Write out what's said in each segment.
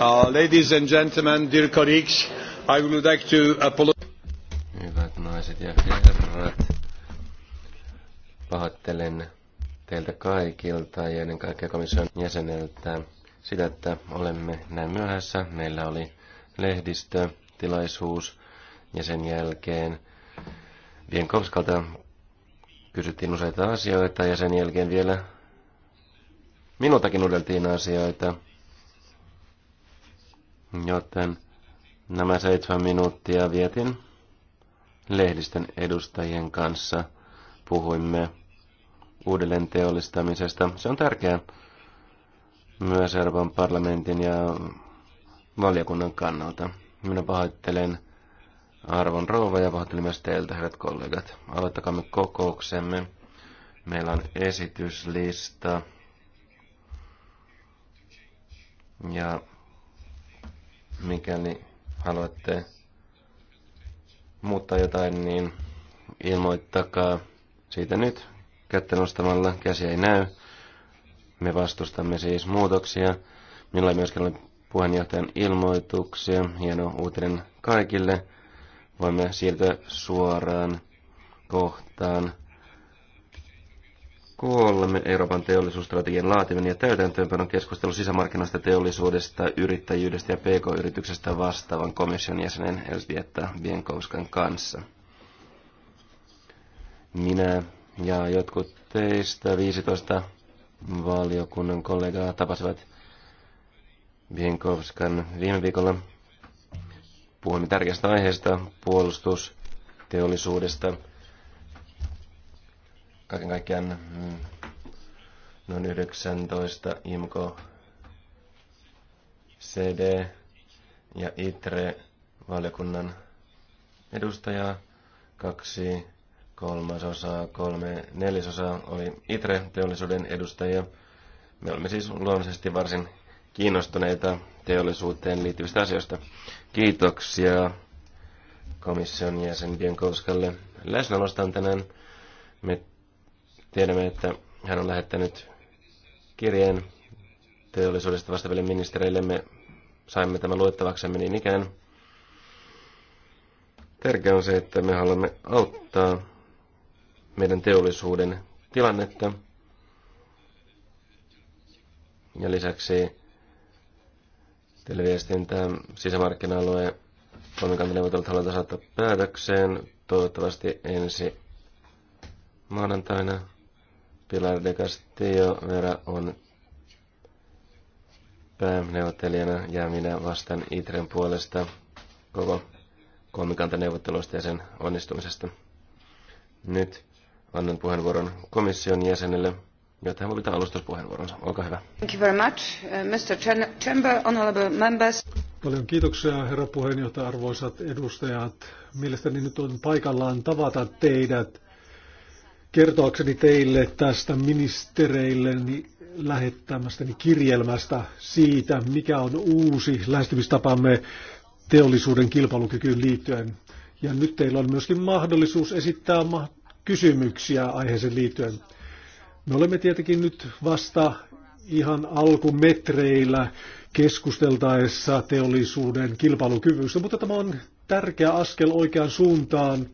Uh, ladies and gentlemen, dear colleagues, I would like to apologize. Hyvät naiset ja herrat, pahoittelen teiltä kaikilta ja ennen kaikkea komission jäseneltä sitä, että olemme näin myöhässä. Meillä oli lehdistötilaisuus ja sen jälkeen Vienkovskalta kysyttiin useita asioita ja sen jälkeen vielä Minultakin uudeltiin asioita, joten nämä seitsemän minuuttia vietin lehdistön edustajien kanssa. Puhuimme uudelleen teollistamisesta. Se on tärkeää myös Euroopan parlamentin ja valiokunnan kannalta. Minä pahoittelen arvon rouva ja pahoittelen myös teiltä, hyvät kollegat. me kokouksemme. Meillä on esityslista. Ja mikäli haluatte muuttaa jotain, niin ilmoittakaa siitä nyt kättä nostamalla. Käsi ei näy. Me vastustamme siis muutoksia. Minulla ei myöskään ole puheenjohtajan ilmoituksia. Hieno uutinen kaikille. Voimme siirtyä suoraan kohtaan kolme Euroopan teollisuusstrategian laatiminen ja täytäntöönpanon keskustelu sisämarkkinoista, teollisuudesta, yrittäjyydestä ja pk-yrityksestä vastaavan komission jäsenen Elsbietta Bienkouskan kanssa. Minä ja jotkut teistä 15 valiokunnan kollegaa tapasivat Bienkouskan viime viikolla. Puhuimme tärkeästä aiheesta, puolustusteollisuudesta kaiken kaikkiaan mm, noin 19 IMCO CD ja ITRE valiokunnan edustajaa. Kaksi kolmasosaa, kolme neljäsosaa oli ITRE-teollisuuden edustajia. Me olemme siis luonnollisesti varsin kiinnostuneita teollisuuteen liittyvistä asioista. Kiitoksia komission jäsen Bienkowskalle läsnäolostaan tänään. Me Tiedämme, että hän on lähettänyt kirjeen teollisuudesta vastaaville ministereillemme. Saimme tämän luettavaksemme niin ikään. Tärkeää on se, että me haluamme auttaa meidän teollisuuden tilannetta. Ja lisäksi televiestintä sisämarkkina-alue kolmikantaneuvotelut halutaan saattaa päätökseen toivottavasti ensi maanantaina. Pilar de Castillo Vera on pääneuvottelijana ja minä vastaan Itren puolesta koko kolmikantaneuvotteluista ja sen onnistumisesta. Nyt annan puheenvuoron komission jäsenelle, jotta hän voi pitää alustuspuheenvuoronsa. Olkaa hyvä. Thank you very much, uh, Mr. Chamber, honorable members. Paljon kiitoksia, herra puheenjohtaja, arvoisat edustajat. Mielestäni nyt on paikallaan tavata teidät kertoakseni teille tästä ministereilleni lähettämästäni kirjelmästä siitä, mikä on uusi lähestymistapamme teollisuuden kilpailukykyyn liittyen. Ja nyt teillä on myöskin mahdollisuus esittää kysymyksiä aiheeseen liittyen. Me olemme tietenkin nyt vasta ihan alkumetreillä keskusteltaessa teollisuuden kilpailukyvystä, mutta tämä on tärkeä askel oikeaan suuntaan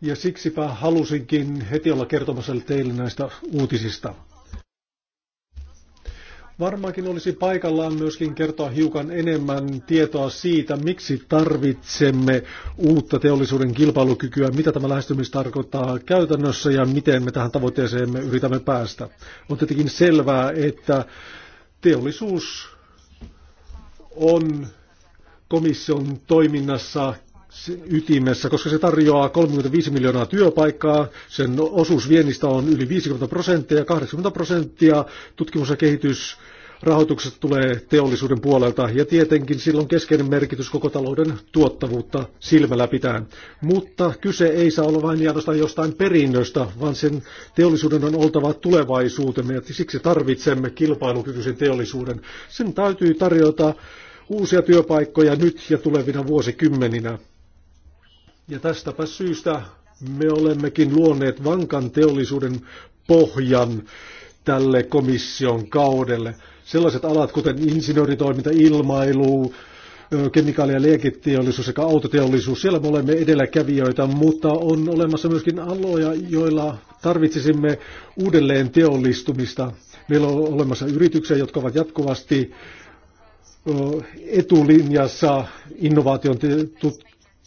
ja siksipä halusinkin heti olla kertomassa teille näistä uutisista. Varmaankin olisi paikallaan myöskin kertoa hiukan enemmän tietoa siitä, miksi tarvitsemme uutta teollisuuden kilpailukykyä, mitä tämä lähestymis tarkoittaa käytännössä ja miten me tähän me yritämme päästä. On tietenkin selvää, että teollisuus on komission toiminnassa ytimessä, koska se tarjoaa 35 miljoonaa työpaikkaa, sen osuus viennistä on yli 50 prosenttia ja 80 prosenttia tutkimus- ja kehitysrahoituksesta tulee teollisuuden puolelta ja tietenkin silloin keskeinen merkitys koko talouden tuottavuutta silmällä pitää. Mutta kyse ei saa olla vain ainoastaan jostain perinnöstä, vaan sen teollisuuden on oltava tulevaisuutemme ja siksi tarvitsemme kilpailukykyisen teollisuuden. Sen täytyy tarjota uusia työpaikkoja nyt ja tulevina vuosikymmeninä. Ja tästäpä syystä me olemmekin luoneet vankan teollisuuden pohjan tälle komission kaudelle. Sellaiset alat kuten insinööritoiminta, ilmailu, kemikaali- ja lääketeollisuus sekä autoteollisuus, siellä me olemme edelläkävijöitä, mutta on olemassa myöskin aloja, joilla tarvitsisimme uudelleen teollistumista. Meillä on olemassa yrityksiä, jotka ovat jatkuvasti etulinjassa innovaation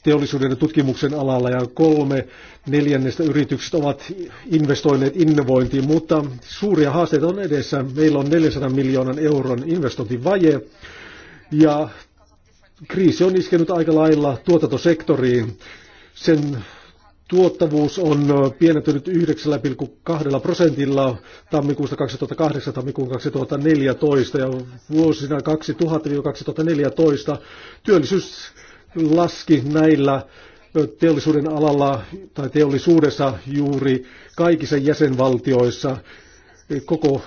teollisuuden ja tutkimuksen alalla ja kolme neljännestä yrityksestä ovat investoineet innovointiin, mutta suuria haasteita on edessä. Meillä on 400 miljoonan euron investointivaje ja kriisi on iskenyt aika lailla tuotantosektoriin. Sen tuottavuus on pienentynyt 9,2 prosentilla tammikuusta 2008 tammikuun 2014 ja vuosina 2000-2014 työllisyys laski näillä teollisuuden alalla tai teollisuudessa juuri kaikissa jäsenvaltioissa koko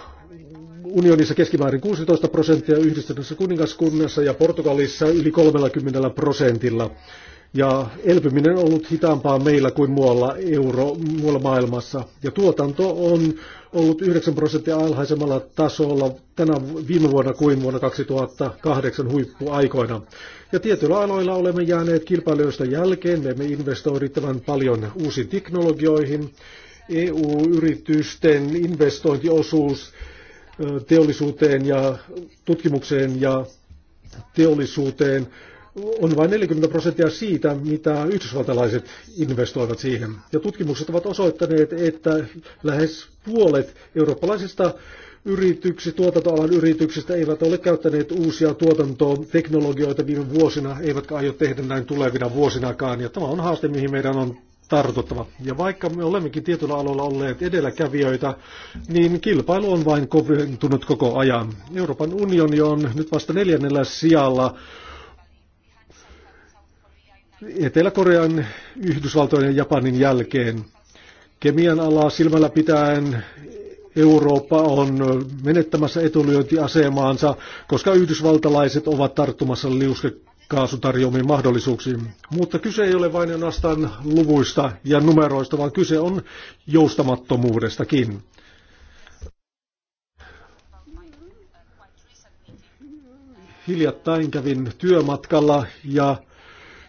unionissa keskimäärin 16 prosenttia, yhdistyneessä kuningaskunnassa ja Portugalissa yli 30 prosentilla ja elpyminen on ollut hitaampaa meillä kuin muualla, euro, muualla maailmassa. Ja tuotanto on ollut 9 prosenttia alhaisemmalla tasolla tänä viime vuonna kuin vuonna 2008 huippuaikoina. Ja tietyillä aloilla olemme jääneet kilpailijoista jälkeen, me emme investoi paljon uusiin teknologioihin. EU-yritysten investointiosuus teollisuuteen ja tutkimukseen ja teollisuuteen on vain 40 prosenttia siitä, mitä yhdysvaltalaiset investoivat siihen. Ja tutkimukset ovat osoittaneet, että lähes puolet eurooppalaisista yrityksistä, tuotantoalan yrityksistä eivät ole käyttäneet uusia tuotantoteknologioita viime vuosina, eivätkä aio tehdä näin tulevina vuosinakaan. Ja tämä on haaste, mihin meidän on tartuttava. Ja vaikka me olemmekin tietyllä aloilla olleet edelläkävijöitä, niin kilpailu on vain koventunut koko ajan. Euroopan unioni on nyt vasta neljännellä sijalla Etelä-Korean, Yhdysvaltojen ja Japanin jälkeen. Kemian alaa silmällä pitäen Eurooppa on menettämässä etulyöntiasemaansa, koska yhdysvaltalaiset ovat tarttumassa liuskekaasutarjoamiin mahdollisuuksiin. Mutta kyse ei ole vain ainoastaan luvuista ja numeroista, vaan kyse on joustamattomuudestakin. Hiljattain kävin työmatkalla ja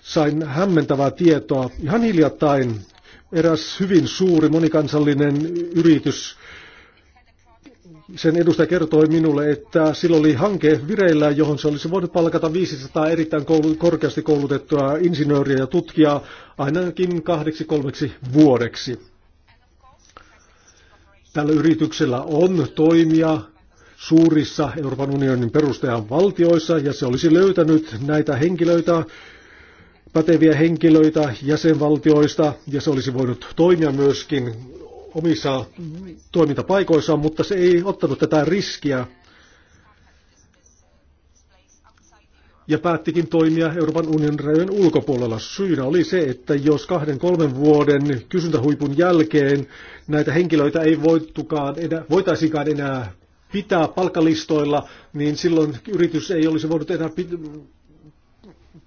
sain hämmentävää tietoa ihan hiljattain. Eräs hyvin suuri monikansallinen yritys, sen edustaja kertoi minulle, että sillä oli hanke vireillä, johon se olisi voinut palkata 500 erittäin koulu- korkeasti koulutettua insinööriä ja tutkijaa ainakin kahdeksi kolmeksi vuodeksi. Tällä yrityksellä on toimia suurissa Euroopan unionin perustajan valtioissa ja se olisi löytänyt näitä henkilöitä päteviä henkilöitä jäsenvaltioista ja se olisi voinut toimia myöskin omissa toimintapaikoissaan, mutta se ei ottanut tätä riskiä ja päättikin toimia Euroopan unionin rajojen ulkopuolella. Syynä oli se, että jos kahden kolmen vuoden kysyntähuipun jälkeen näitä henkilöitä ei voitukaan enää, voitaisikaan enää pitää palkkalistoilla, niin silloin yritys ei olisi voinut enää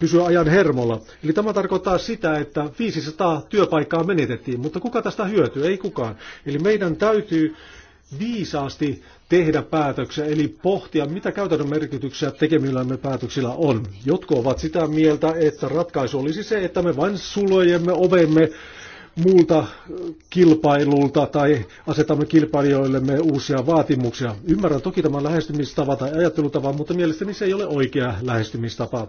pysyä ajan hermolla. Eli tämä tarkoittaa sitä, että 500 työpaikkaa menetettiin, mutta kuka tästä hyötyy? Ei kukaan. Eli meidän täytyy viisaasti tehdä päätöksiä, eli pohtia, mitä käytännön merkityksiä tekemillämme päätöksillä on. Jotkut ovat sitä mieltä, että ratkaisu olisi se, että me vain sulojemme ovemme muulta kilpailulta tai asetamme kilpailijoillemme uusia vaatimuksia. Ymmärrän toki tämän lähestymistavan tai ajattelutavan, mutta mielestäni se ei ole oikea lähestymistapa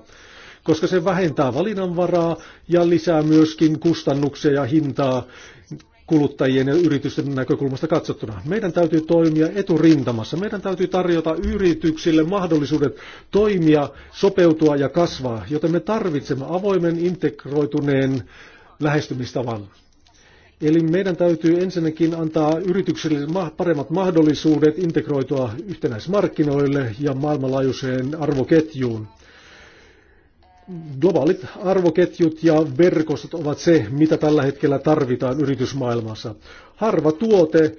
koska se vähentää valinnanvaraa ja lisää myöskin kustannuksia ja hintaa kuluttajien ja yritysten näkökulmasta katsottuna. Meidän täytyy toimia eturintamassa. Meidän täytyy tarjota yrityksille mahdollisuudet toimia, sopeutua ja kasvaa, joten me tarvitsemme avoimen, integroituneen lähestymistavan. Eli meidän täytyy ensinnäkin antaa yrityksille paremmat mahdollisuudet integroitua yhtenäismarkkinoille ja maailmanlaajuiseen arvoketjuun globaalit arvoketjut ja verkostot ovat se, mitä tällä hetkellä tarvitaan yritysmaailmassa. Harva tuote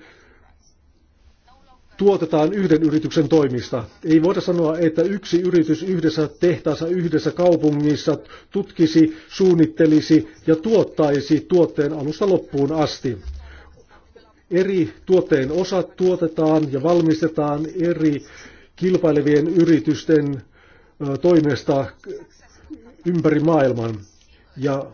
tuotetaan yhden yrityksen toimista. Ei voida sanoa, että yksi yritys yhdessä tehtaassa, yhdessä kaupungissa tutkisi, suunnittelisi ja tuottaisi tuotteen alusta loppuun asti. Eri tuotteen osat tuotetaan ja valmistetaan eri kilpailevien yritysten toimesta ympäri maailman. Ja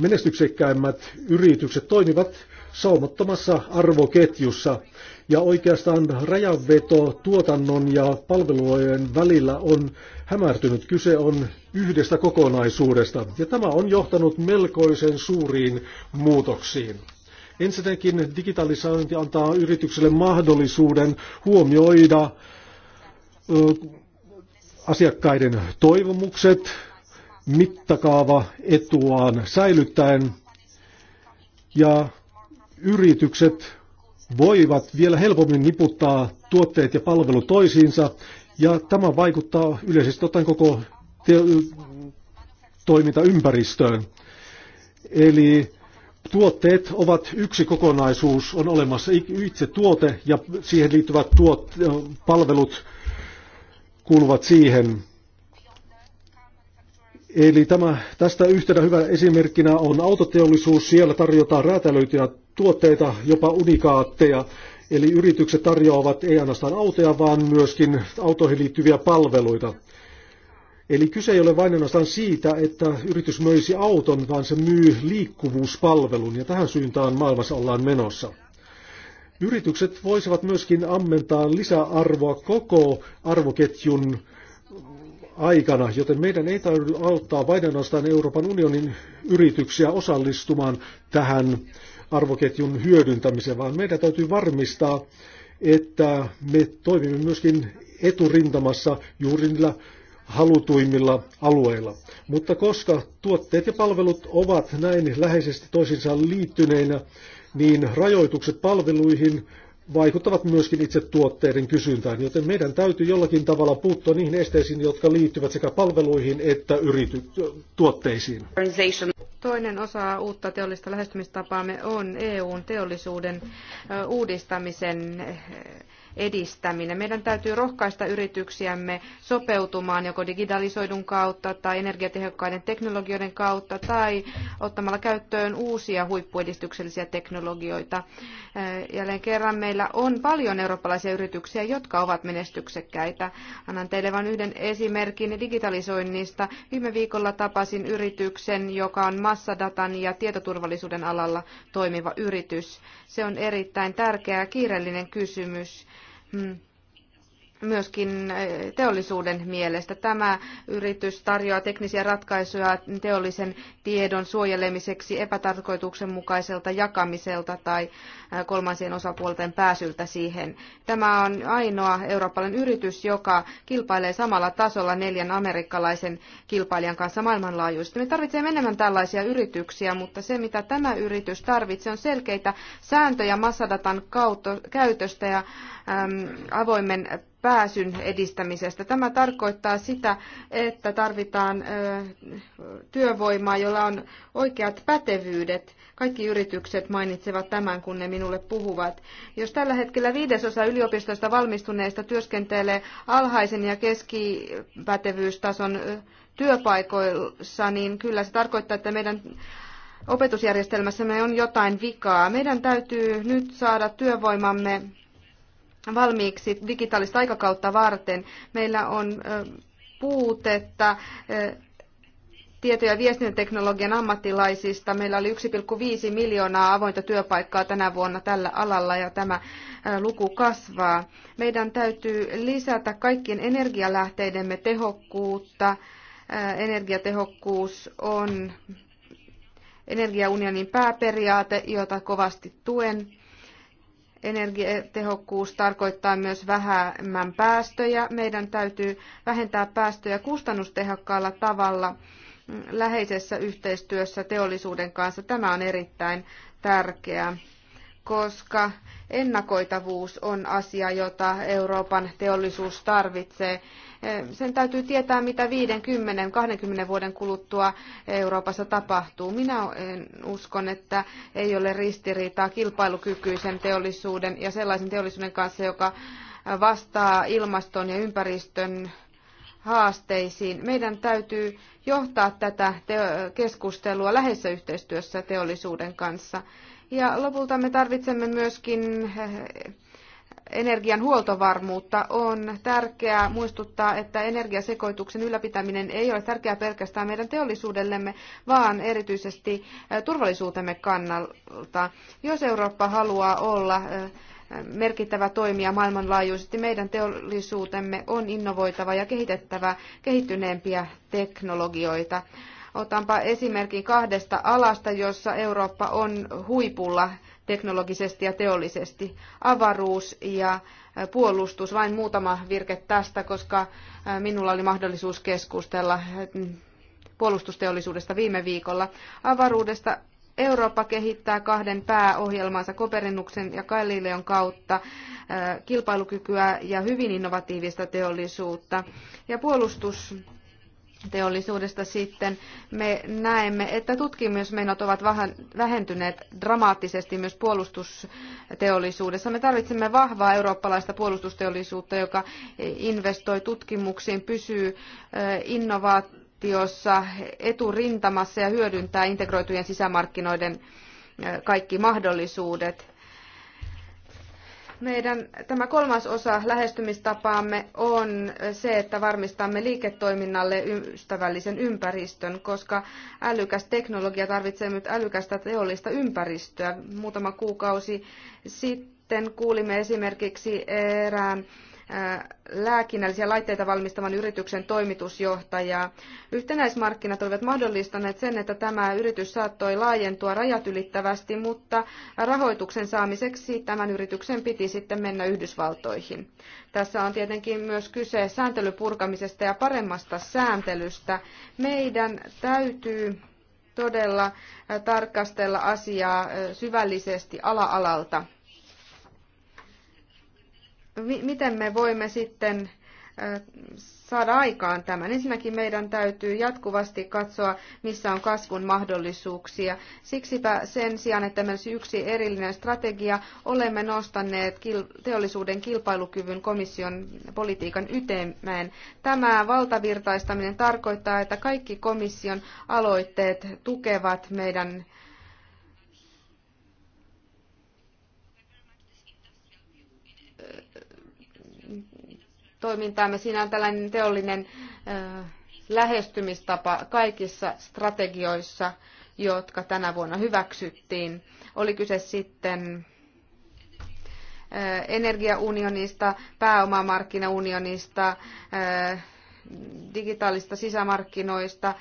menestyksekkäimmät yritykset toimivat saumattomassa arvoketjussa. Ja oikeastaan rajanveto tuotannon ja palvelujen välillä on hämärtynyt. Kyse on yhdestä kokonaisuudesta. Ja tämä on johtanut melkoisen suuriin muutoksiin. Ensinnäkin digitalisointi antaa yritykselle mahdollisuuden huomioida asiakkaiden toivomukset, mittakaava etuaan säilyttäen ja yritykset voivat vielä helpommin niputtaa tuotteet ja palvelut toisiinsa ja tämä vaikuttaa yleisesti ottaen koko toimintaympäristöön. Eli tuotteet ovat yksi kokonaisuus, on olemassa itse tuote ja siihen liittyvät tuot, palvelut kuuluvat siihen. Eli tämä, tästä yhtenä hyvänä esimerkkinä on autoteollisuus. Siellä tarjotaan räätälöityjä tuotteita, jopa unikaatteja. Eli yritykset tarjoavat ei ainoastaan autoja, vaan myöskin autoihin liittyviä palveluita. Eli kyse ei ole vain ainoastaan siitä, että yritys möisi auton, vaan se myy liikkuvuuspalvelun, ja tähän syyntaan maailmassa ollaan menossa. Yritykset voisivat myöskin ammentaa lisäarvoa koko arvoketjun aikana, joten meidän ei tarvitse auttaa vain ainoastaan Euroopan unionin yrityksiä osallistumaan tähän arvoketjun hyödyntämiseen, vaan meidän täytyy varmistaa, että me toimimme myöskin eturintamassa juuri niillä halutuimmilla alueilla. Mutta koska tuotteet ja palvelut ovat näin läheisesti toisiinsa liittyneinä, niin rajoitukset palveluihin vaikuttavat myöskin itse tuotteiden kysyntään, joten meidän täytyy jollakin tavalla puuttua niihin esteisiin, jotka liittyvät sekä palveluihin että yrity- tuotteisiin. Toinen osa uutta teollista lähestymistapaamme on EUn teollisuuden uudistamisen edistäminen. Meidän täytyy rohkaista yrityksiämme sopeutumaan joko digitalisoidun kautta tai energiatehokkaiden teknologioiden kautta tai ottamalla käyttöön uusia huippuedistyksellisiä teknologioita. Äh, jälleen kerran meillä on paljon eurooppalaisia yrityksiä, jotka ovat menestyksekkäitä. Annan teille vain yhden esimerkin digitalisoinnista. Viime viikolla tapasin yrityksen, joka on massadatan ja tietoturvallisuuden alalla toimiva yritys. Se on erittäin tärkeä ja kiireellinen kysymys Mm myöskin eh, teollisuuden mielestä. Tämä yritys tarjoaa teknisiä ratkaisuja teollisen tiedon suojelemiseksi epätarkoituksenmukaiselta jakamiselta tai eh, kolmansien osapuolten pääsyltä siihen. Tämä on ainoa eurooppalainen yritys, joka kilpailee samalla tasolla neljän amerikkalaisen kilpailijan kanssa maailmanlaajuisesti. Me tarvitsemme enemmän tällaisia yrityksiä, mutta se mitä tämä yritys tarvitsee on selkeitä sääntöjä massadatan käytöstä ja avoimen pääsyn edistämisestä. Tämä tarkoittaa sitä, että tarvitaan työvoimaa, jolla on oikeat pätevyydet. Kaikki yritykset mainitsevat tämän, kun ne minulle puhuvat. Jos tällä hetkellä viidesosa yliopistosta valmistuneista työskentelee alhaisen ja keskipätevyystason työpaikoissa, niin kyllä se tarkoittaa, että meidän opetusjärjestelmässämme on jotain vikaa. Meidän täytyy nyt saada työvoimamme valmiiksi digitaalista aikakautta varten. Meillä on puutetta tieto- ja viestintäteknologian ammattilaisista. Meillä oli 1,5 miljoonaa avointa työpaikkaa tänä vuonna tällä alalla ja tämä luku kasvaa. Meidän täytyy lisätä kaikkien energialähteidemme tehokkuutta. Energiatehokkuus on energiaunionin pääperiaate, jota kovasti tuen. Energiatehokkuus tarkoittaa myös vähemmän päästöjä. Meidän täytyy vähentää päästöjä kustannustehokkaalla tavalla läheisessä yhteistyössä teollisuuden kanssa. Tämä on erittäin tärkeää, koska ennakoitavuus on asia, jota Euroopan teollisuus tarvitsee. Sen täytyy tietää, mitä 50-20 vuoden kuluttua Euroopassa tapahtuu. Minä uskon, että ei ole ristiriitaa kilpailukykyisen teollisuuden ja sellaisen teollisuuden kanssa, joka vastaa ilmaston ja ympäristön haasteisiin. Meidän täytyy johtaa tätä keskustelua läheisessä yhteistyössä teollisuuden kanssa. Ja lopulta me tarvitsemme myöskin energian huoltovarmuutta, on tärkeää muistuttaa, että energiasekoituksen ylläpitäminen ei ole tärkeää pelkästään meidän teollisuudellemme, vaan erityisesti eh, turvallisuutemme kannalta. Jos Eurooppa haluaa olla eh, merkittävä toimija maailmanlaajuisesti, meidän teollisuutemme on innovoitava ja kehitettävä kehittyneempiä teknologioita. Otanpa esimerkin kahdesta alasta, jossa Eurooppa on huipulla teknologisesti ja teollisesti. Avaruus ja puolustus, vain muutama virke tästä, koska minulla oli mahdollisuus keskustella puolustusteollisuudesta viime viikolla. Avaruudesta Eurooppa kehittää kahden pääohjelmansa Kopernuksen ja Galileon kautta kilpailukykyä ja hyvin innovatiivista teollisuutta. Ja puolustus teollisuudesta sitten, me näemme, että tutkimusmenot ovat vähentyneet dramaattisesti myös puolustusteollisuudessa. Me tarvitsemme vahvaa eurooppalaista puolustusteollisuutta, joka investoi tutkimuksiin, pysyy eh, innovaatiossa eturintamassa ja hyödyntää integroitujen sisämarkkinoiden eh, kaikki mahdollisuudet. Meidän tämä kolmas osa lähestymistapaamme on se, että varmistamme liiketoiminnalle ystävällisen ympäristön, koska älykäs teknologia tarvitsee nyt älykästä teollista ympäristöä. Muutama kuukausi sitten kuulimme esimerkiksi erään lääkinnällisiä laitteita valmistavan yrityksen toimitusjohtaja. Yhtenäismarkkinat olivat mahdollistaneet sen, että tämä yritys saattoi laajentua rajat ylittävästi, mutta rahoituksen saamiseksi tämän yrityksen piti sitten mennä Yhdysvaltoihin. Tässä on tietenkin myös kyse sääntelypurkamisesta ja paremmasta sääntelystä. Meidän täytyy todella tarkastella asiaa syvällisesti ala alalta miten me voimme sitten saada aikaan tämän. Ensinnäkin meidän täytyy jatkuvasti katsoa, missä on kasvun mahdollisuuksia. Siksipä sen sijaan, että meillä yksi erillinen strategia, olemme nostaneet teollisuuden kilpailukyvyn komission politiikan ytemään. Tämä valtavirtaistaminen tarkoittaa, että kaikki komission aloitteet tukevat meidän toimintaamme. Siinä on tällainen teollinen lähestymistapa kaikissa strategioissa, jotka tänä vuonna hyväksyttiin. Oli kyse sitten energiaunionista, pääomamarkkinaunionista, digitaalista sisämarkkinoista,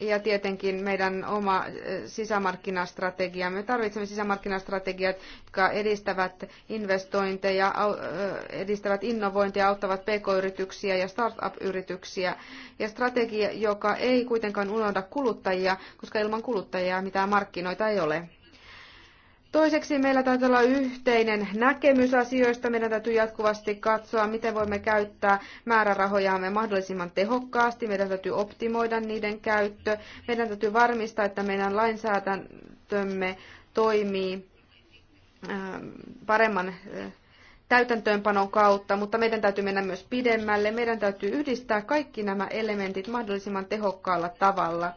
ja tietenkin meidän oma eh, sisämarkkinastrategia. Me tarvitsemme sisämarkkinastrategiat, jotka edistävät investointeja, eh, edistävät innovointia, auttavat pk-yrityksiä ja startup-yrityksiä. Ja strategia, joka ei kuitenkaan unohda kuluttajia, koska ilman kuluttajia mitään markkinoita ei ole. Toiseksi meillä täytyy olla yhteinen näkemys asioista. Meidän täytyy jatkuvasti katsoa, miten voimme käyttää määrärahojaamme mahdollisimman tehokkaasti. Meidän täytyy optimoida niiden käyttö. Meidän täytyy varmistaa, että meidän lainsäädäntömme toimii ähm, paremman äh, täytäntöönpanon kautta, mutta meidän täytyy mennä myös pidemmälle. Meidän täytyy yhdistää kaikki nämä elementit mahdollisimman tehokkaalla tavalla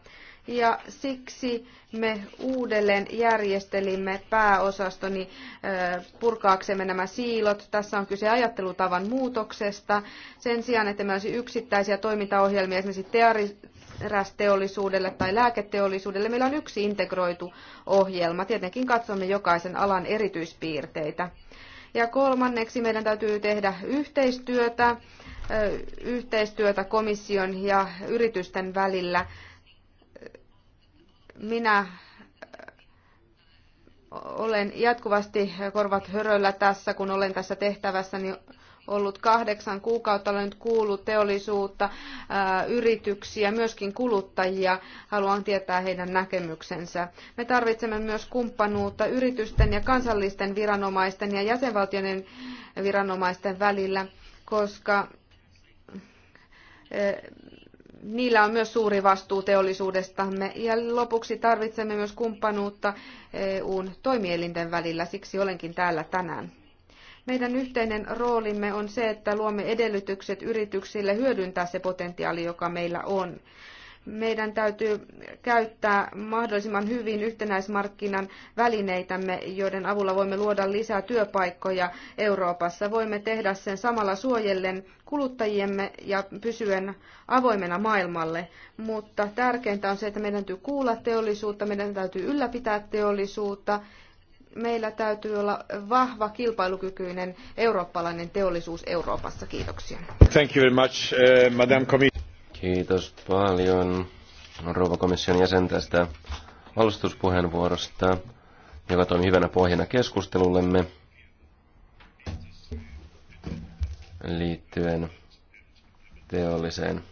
ja siksi me uudelleen järjestelimme pääosastoni purkaaksemme nämä siilot. Tässä on kyse ajattelutavan muutoksesta. Sen sijaan, että me olisi yksittäisiä toimintaohjelmia esimerkiksi terästeollisuudelle tai lääketeollisuudelle, meillä on yksi integroitu ohjelma. Tietenkin katsomme jokaisen alan erityispiirteitä. Ja kolmanneksi meidän täytyy tehdä yhteistyötä, yhteistyötä komission ja yritysten välillä minä olen jatkuvasti korvat höröllä tässä, kun olen tässä tehtävässäni niin ollut kahdeksan kuukautta, olen nyt kuullut teollisuutta, yrityksiä, myöskin kuluttajia. Haluan tietää heidän näkemyksensä. Me tarvitsemme myös kumppanuutta yritysten ja kansallisten viranomaisten ja jäsenvaltioiden viranomaisten välillä, koska niillä on myös suuri vastuu teollisuudestamme. Ja lopuksi tarvitsemme myös kumppanuutta EUn toimielinten välillä, siksi olenkin täällä tänään. Meidän yhteinen roolimme on se, että luomme edellytykset yrityksille hyödyntää se potentiaali, joka meillä on meidän täytyy käyttää mahdollisimman hyvin yhtenäismarkkinan välineitämme, joiden avulla voimme luoda lisää työpaikkoja Euroopassa. Voimme tehdä sen samalla suojellen kuluttajiemme ja pysyen avoimena maailmalle. Mutta tärkeintä on se, että meidän täytyy kuulla teollisuutta, meidän täytyy ylläpitää teollisuutta. Meillä täytyy olla vahva, kilpailukykyinen eurooppalainen teollisuus Euroopassa. Kiitoksia. Thank you very much, uh, eh, Commissioner. Kiitos paljon Euroopan komission jäsen tästä alustuspuheenvuorosta, joka toimi hyvänä pohjana keskustelullemme liittyen teolliseen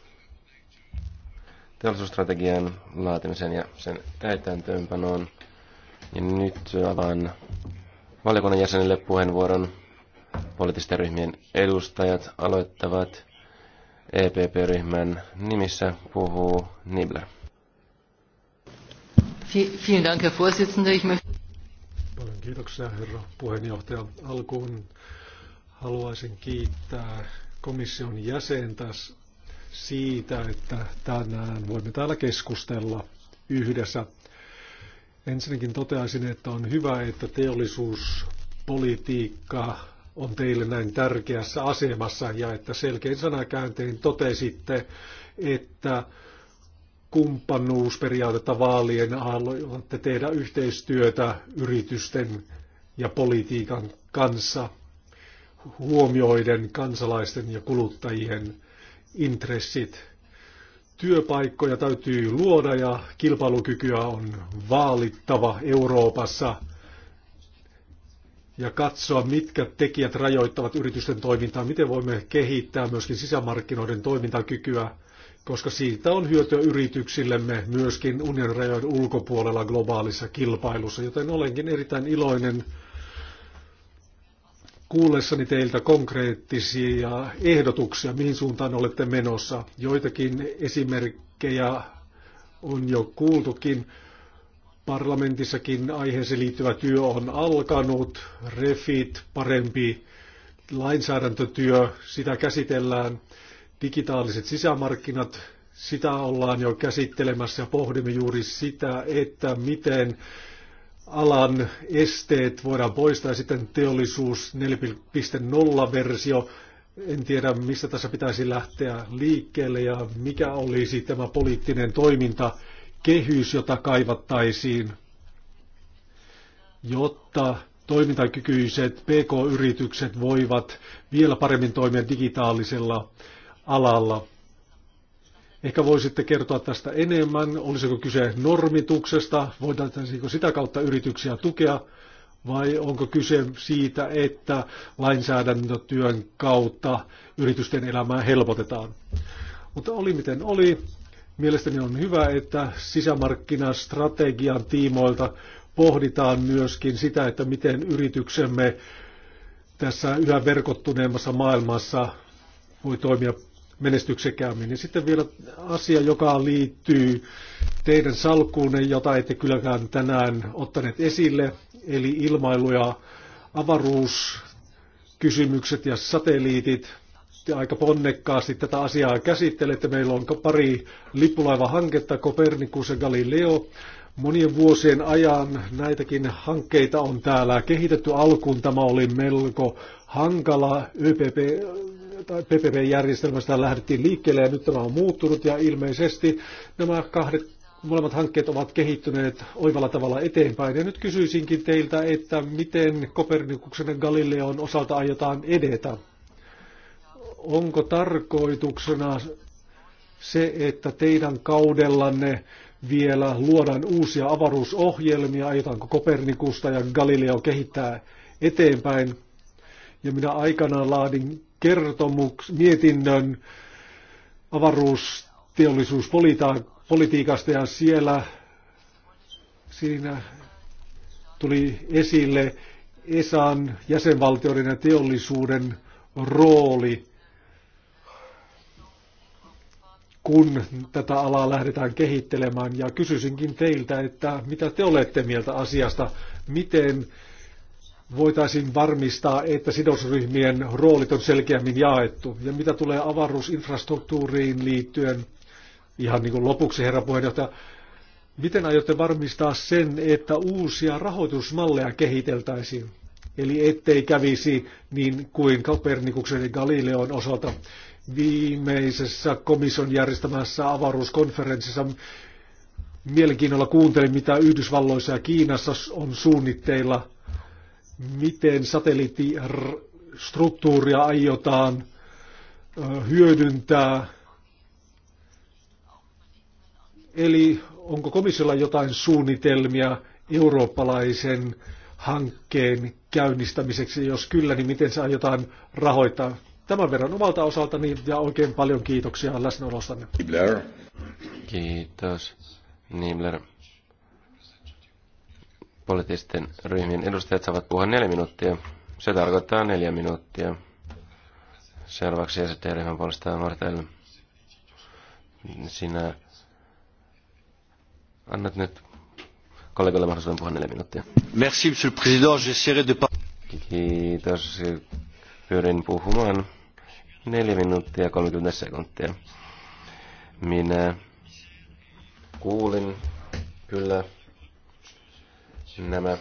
teollisuusstrategian laatimisen ja sen täytäntöönpanoon. Ja nyt avaan valiokunnan jäsenille puheenvuoron. Poliittisten ryhmien edustajat aloittavat EPP-ryhmän nimissä puhuu Nibler. Vielen Dank, Herr Ich Paljon kiitoksia, herra puheenjohtaja. Alkuun haluaisin kiittää komission jäsentä siitä, että tänään voimme täällä keskustella yhdessä. Ensinnäkin toteaisin, että on hyvä, että teollisuuspolitiikka on teille näin tärkeässä asemassa ja että selkein sanakääntein totesitte, että kumppanuusperiaatetta vaalien haluatte tehdä yhteistyötä yritysten ja politiikan kanssa huomioiden kansalaisten ja kuluttajien intressit. Työpaikkoja täytyy luoda ja kilpailukykyä on vaalittava Euroopassa – ja katsoa, mitkä tekijät rajoittavat yritysten toimintaa, miten voimme kehittää myöskin sisämarkkinoiden toimintakykyä, koska siitä on hyötyä yrityksillemme myöskin unionin rajojen ulkopuolella globaalissa kilpailussa, joten olenkin erittäin iloinen kuullessani teiltä konkreettisia ehdotuksia, mihin suuntaan olette menossa. Joitakin esimerkkejä on jo kuultukin. Parlamentissakin aiheeseen liittyvä työ on alkanut. Refit, parempi lainsäädäntötyö, sitä käsitellään. Digitaaliset sisämarkkinat, sitä ollaan jo käsittelemässä ja pohdimme juuri sitä, että miten alan esteet voidaan poistaa. Sitten teollisuus 4.0-versio. En tiedä, mistä tässä pitäisi lähteä liikkeelle ja mikä olisi tämä poliittinen toiminta kehys, jota kaivattaisiin, jotta toimintakykyiset PK-yritykset voivat vielä paremmin toimia digitaalisella alalla. Ehkä voisitte kertoa tästä enemmän. Olisiko kyse normituksesta? Voidaanko sitä kautta yrityksiä tukea? Vai onko kyse siitä, että lainsäädäntötyön kautta yritysten elämää helpotetaan? Mutta oli miten oli. Mielestäni on hyvä, että sisämarkkinastrategian tiimoilta pohditaan myöskin sitä, että miten yrityksemme tässä yhä verkottuneemmassa maailmassa voi toimia menestyksekäämmin. Ja sitten vielä asia, joka liittyy teidän salkkuunne, jota ette kylläkään tänään ottaneet esille, eli ilmailu- ja avaruuskysymykset ja satelliitit – aika ponnekkaasti tätä asiaa käsittelette. Meillä on pari lippulaivahanketta, Kopernikus ja Galileo. Monien vuosien ajan näitäkin hankkeita on täällä kehitetty. Alkuun tämä oli melko hankala. YPP tai PPP-järjestelmästä lähdettiin liikkeelle ja nyt tämä on muuttunut ja ilmeisesti nämä kahdet molemmat hankkeet ovat kehittyneet oivalla tavalla eteenpäin. Ja nyt kysyisinkin teiltä, että miten Kopernikuksen ja Galileon osalta aiotaan edetä onko tarkoituksena se, että teidän kaudellanne vielä luodaan uusia avaruusohjelmia, aiotaanko Kopernikusta ja Galileo kehittää eteenpäin. Ja minä aikanaan laadin kertomuks, mietinnön avaruusteollisuuspolitiikasta ja siellä siinä tuli esille ESAn jäsenvaltioiden ja teollisuuden rooli kun tätä alaa lähdetään kehittelemään. Ja kysyisinkin teiltä, että mitä te olette mieltä asiasta, miten voitaisiin varmistaa, että sidosryhmien roolit on selkeämmin jaettu. Ja mitä tulee avaruusinfrastruktuuriin liittyen, ihan niin kuin lopuksi herra puheenjohtaja, miten aiotte varmistaa sen, että uusia rahoitusmalleja kehiteltäisiin? Eli ettei kävisi niin kuin Kopernikuksen ja Galileon osalta, viimeisessä komission järjestämässä avaruuskonferenssissa mielenkiinnolla kuuntelin, mitä Yhdysvalloissa ja Kiinassa on suunnitteilla, miten satelliittistruktuuria aiotaan hyödyntää. Eli onko komissiolla jotain suunnitelmia eurooppalaisen hankkeen käynnistämiseksi? Jos kyllä, niin miten se aiotaan rahoittaa? Tämän verran omalta osaltani ja oikein paljon kiitoksia läsnäolostanne. Nibler. Kiitos, Nibler. Poliittisten ryhmien edustajat saavat puhua neljä minuuttia. Se tarkoittaa neljä minuuttia. Seuraavaksi esittäjäryhmän puolestaan Martel. Sinä annat nyt kollegalle mahdollisuuden puhua neljä minuuttia. Merci, monsieur le président. J'essaierai de... Kiitos. Pyrin puhumaan 4 minuuttia 30 sekuntia. Minä kuulin kyllä nämä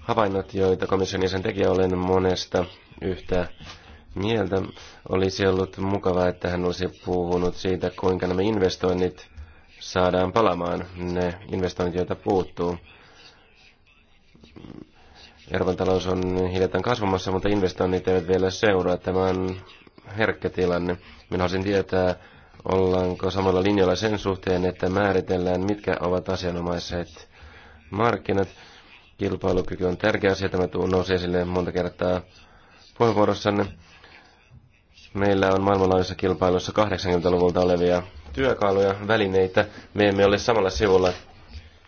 havainnot, joita komission jäsen tekijä olen monesta yhtä mieltä. Olisi ollut mukavaa, että hän olisi puhunut siitä, kuinka nämä investoinnit saadaan palamaan, ne investoinnit, joita puuttuu. Euroopan talous on hiljattain kasvamassa, mutta investoinnit eivät vielä seuraa. Tämä on herkkä tilanne. Minä haluaisin tietää, ollaanko samalla linjalla sen suhteen, että määritellään, mitkä ovat asianomaiset markkinat. Kilpailukyky on tärkeä asia, tämä nousi esille monta kertaa puheenvuorossanne. Meillä on maailmanlaajuisessa kilpailussa 80-luvulta olevia työkaluja, välineitä. Me emme ole samalla sivulla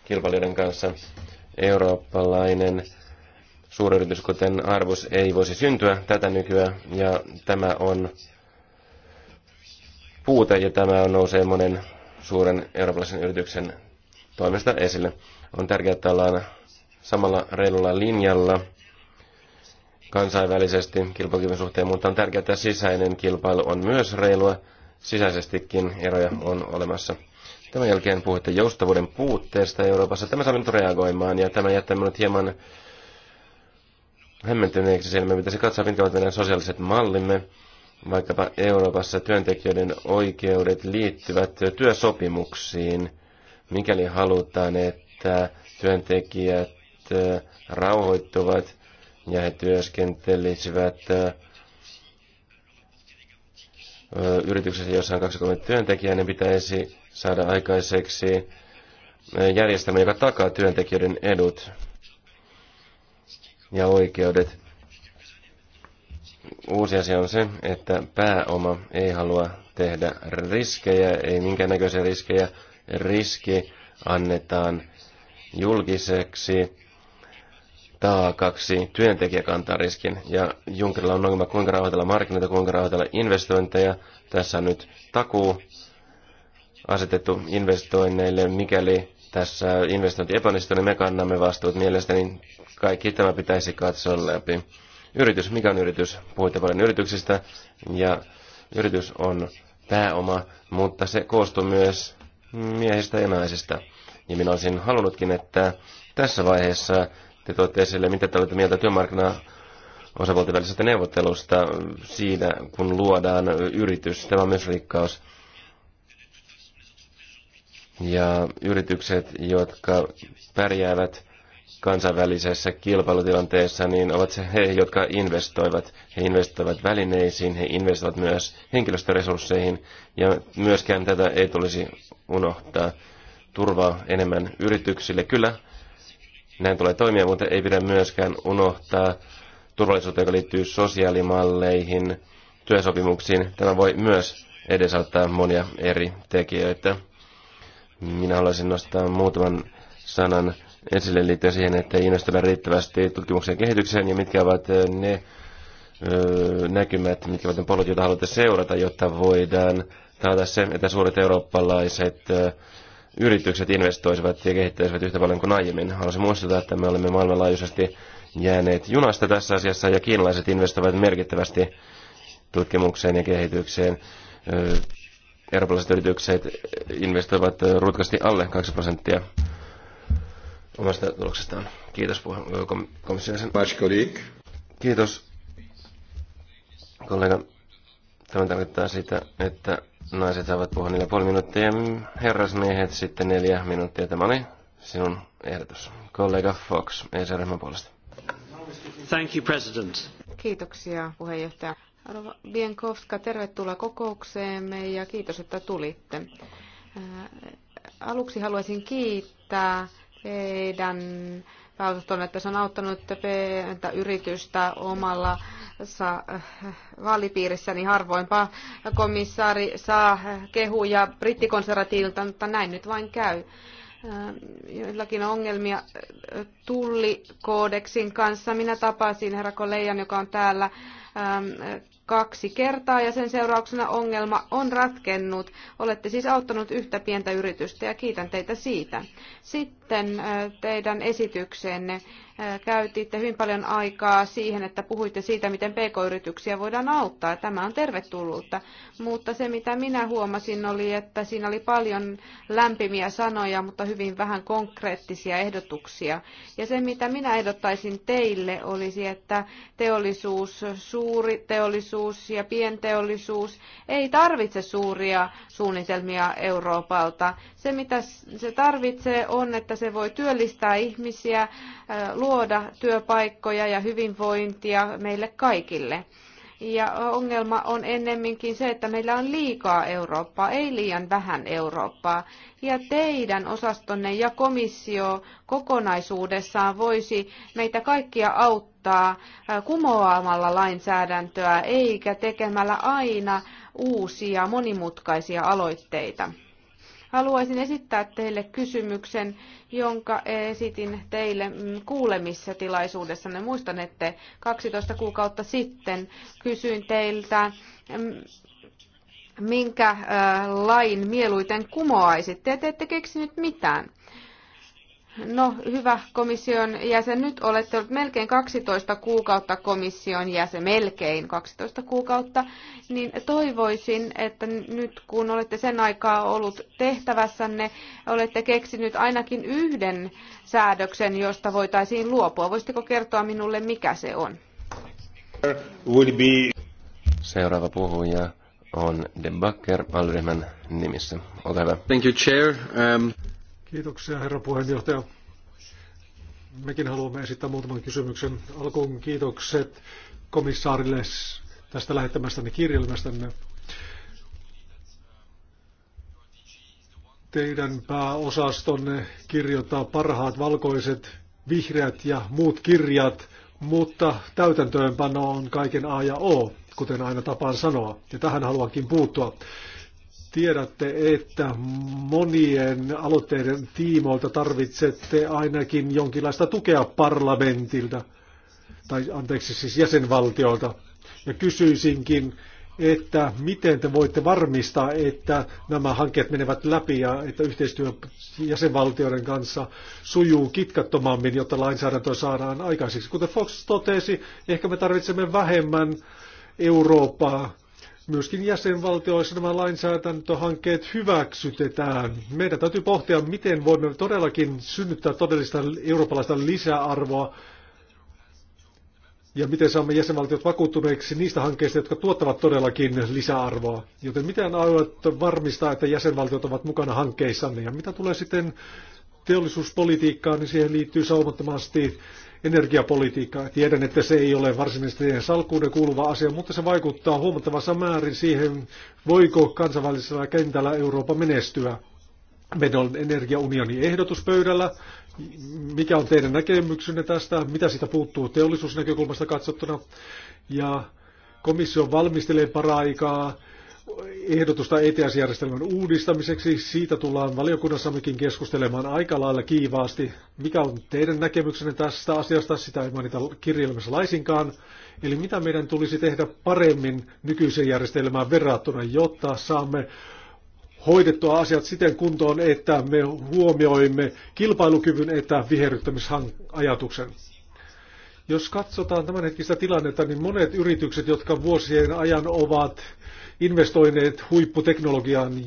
kilpailijoiden kanssa. Eurooppalainen Suuryritys kuten Arvos ei voisi syntyä tätä nykyään ja tämä on puute ja tämä nousee monen suuren eurooppalaisen yrityksen toimesta esille. On tärkeää, että ollaan samalla reilulla linjalla kansainvälisesti kilpailukyvyn suhteen, mutta on tärkeää, että sisäinen kilpailu on myös reilua. Sisäisestikin eroja on olemassa. Tämän jälkeen puhutte joustavuuden puutteesta Euroopassa. Tämä saa nyt reagoimaan ja tämä jättää minut hieman hämmentyneeksi silmä se katsoa, mitkä ovat meidän sosiaaliset mallimme. Vaikkapa Euroopassa työntekijöiden oikeudet liittyvät työsopimuksiin, mikäli halutaan, että työntekijät rauhoittuvat ja he työskentelisivät yrityksessä, jossa on 20 työntekijää, niin pitäisi saada aikaiseksi järjestelmä, joka takaa työntekijöiden edut ja oikeudet. Uusi asia on se, että pääoma ei halua tehdä riskejä, ei minkäännäköisiä riskejä. Riski annetaan julkiseksi taakaksi työntekijä kantaa riskin. Ja Junckerilla on ongelma, kuinka rahoitella markkinoita, kuinka rahoitella investointeja. Tässä on nyt takuu asetettu investoinneille, mikäli tässä investointi epäonnistui, niin me kannamme vastuut mielestäni. Kaikki tämä pitäisi katsoa läpi. Yritys, mikä on yritys? Puhuitte paljon yrityksistä ja yritys on pääoma, mutta se koostuu myös miehistä ja naisista. Ja minä olisin halunnutkin, että tässä vaiheessa te tuotte esille, mitä te olette mieltä työmarkkinaa osapuolten välisestä neuvottelusta siinä, kun luodaan yritys. Tämä on myös rikkaus. Ja yritykset, jotka pärjäävät kansainvälisessä kilpailutilanteessa, niin ovat se he, jotka investoivat. He investoivat välineisiin, he investoivat myös henkilöstöresursseihin, ja myöskään tätä ei tulisi unohtaa. Turvaa enemmän yrityksille. Kyllä, näin tulee toimia, mutta ei pidä myöskään unohtaa turvallisuutta, joka liittyy sosiaalimalleihin, työsopimuksiin. Tämä voi myös edesauttaa monia eri tekijöitä. Minä haluaisin nostaa muutaman sanan esille liittyen siihen, että ei innostella riittävästi tutkimukseen kehitykseen ja mitkä ovat ne näkymät, mitkä ovat ne polut, joita haluatte seurata, jotta voidaan taata se, että suuret eurooppalaiset yritykset investoisivat ja kehittäisivät yhtä paljon kuin aiemmin. Haluaisin muistuttaa, että me olemme maailmanlaajuisesti jääneet junasta tässä asiassa ja kiinalaiset investoivat merkittävästi tutkimukseen ja kehitykseen eurooppalaiset yritykset investoivat eh, rutkasti alle 2 prosenttia omasta tuloksestaan. Kiitos puh- kom- komission Kiitos kollega. Tämä tarkoittaa sitä, että naiset saavat puhua niillä puoli minuuttia ja herrasmiehet sitten neljä minuuttia. Tämä oli sinun ehdotus. Kollega Fox, ESR-ryhmän puolesta. Thank you, President. Kiitoksia puheenjohtaja. Rova Bienkovska, tervetuloa kokoukseemme ja kiitos, että tulitte. Aluksi haluaisin kiittää teidän valtuuston, että se on auttanut pientä yritystä omalla vaalipiirissäni niin harvoinpa komissaari saa kehuja brittikonservatiivilta, mutta näin nyt vain käy joillakin ongelmia tullikoodeksin kanssa. Minä tapasin herra Kolejan, joka on täällä kaksi kertaa ja sen seurauksena ongelma on ratkennut. Olette siis auttanut yhtä pientä yritystä ja kiitän teitä siitä. Sitten teidän esitykseenne. Äh, käytitte hyvin paljon aikaa siihen, että puhuitte siitä, miten pk-yrityksiä voidaan auttaa. Tämä on tervetullutta. Mutta se, mitä minä huomasin, oli, että siinä oli paljon lämpimiä sanoja, mutta hyvin vähän konkreettisia ehdotuksia. Ja se, mitä minä ehdottaisin teille, olisi, että teollisuus, suuri teollisuus ja pienteollisuus ei tarvitse suuria suunnitelmia Euroopalta. Se, mitä se tarvitsee, on, että se voi työllistää ihmisiä, äh, luoda työpaikkoja ja hyvinvointia meille kaikille. Ja ongelma on ennemminkin se, että meillä on liikaa Eurooppaa, ei liian vähän Eurooppaa. Ja teidän osastonne ja komissio kokonaisuudessaan voisi meitä kaikkia auttaa äh, kumoamalla lainsäädäntöä eikä tekemällä aina uusia monimutkaisia aloitteita. Haluaisin esittää teille kysymyksen, jonka esitin teille kuulemissa tilaisuudessa. Ne muistan, että 12 kuukautta sitten kysyin teiltä, mm, minkä äh, lain mieluiten kumoaisitte, ja Te ette keksinyt mitään. No hyvä komission jäsen, nyt olette ollut melkein 12 kuukautta komission jäsen, melkein 12 kuukautta, niin toivoisin, että nyt kun olette sen aikaa ollut tehtävässänne, olette keksinyt ainakin yhden säädöksen, josta voitaisiin luopua. Voisitteko kertoa minulle, mikä se on? Seuraava puhuja on Debakker Backer, nimissä. Olkaa hyvä. Thank you, chair. Um... Kiitoksia, herra puheenjohtaja. Mekin haluamme esittää muutaman kysymyksen. Alkuun kiitokset komissaarille tästä lähettämästänne kirjelmästänne. Teidän pääosastonne kirjoittaa parhaat valkoiset, vihreät ja muut kirjat, mutta täytäntöönpano on kaiken A ja O, kuten aina tapaan sanoa, ja tähän haluankin puuttua. Tiedätte, että monien aloitteiden tiimoilta tarvitsette ainakin jonkinlaista tukea parlamentilta, tai anteeksi siis jäsenvaltiolta. Ja kysyisinkin, että miten te voitte varmistaa, että nämä hankkeet menevät läpi ja että yhteistyö jäsenvaltioiden kanssa sujuu kitkattomammin, jotta lainsäädäntö saadaan aikaiseksi. Kuten Fox totesi, ehkä me tarvitsemme vähemmän Eurooppaa myöskin jäsenvaltioissa nämä lainsäädäntöhankkeet hyväksytetään. Meidän täytyy pohtia, miten voimme todellakin synnyttää todellista eurooppalaista lisäarvoa ja miten saamme jäsenvaltiot vakuuttuneiksi niistä hankkeista, jotka tuottavat todellakin lisäarvoa. Joten miten aiot varmistaa, että jäsenvaltiot ovat mukana hankkeissanne ja mitä tulee sitten teollisuuspolitiikkaan, niin siihen liittyy saumattomasti energiapolitiikkaa. Tiedän, että se ei ole varsinaisesti teidän salkkuuden kuuluva asia, mutta se vaikuttaa huomattavassa määrin siihen, voiko kansainvälisellä kentällä Eurooppa menestyä. Meillä on energiaunionin ehdotuspöydällä. Mikä on teidän näkemyksenne tästä? Mitä sitä puuttuu teollisuusnäkökulmasta katsottuna? Ja komissio valmistelee paraikaa aikaa ehdotusta ETS-järjestelmän uudistamiseksi. Siitä tullaan valiokunnassammekin keskustelemaan aika lailla kiivaasti. Mikä on teidän näkemyksenne tästä asiasta? Sitä ei mainita kirjelmässä laisinkaan. Eli mitä meidän tulisi tehdä paremmin nykyiseen järjestelmään verrattuna, jotta saamme hoidettua asiat siten kuntoon, että me huomioimme kilpailukyvyn että viherryttämisajatuksen. Jos katsotaan tämänhetkistä tilannetta, niin monet yritykset, jotka vuosien ajan ovat investoineet huipputeknologiaan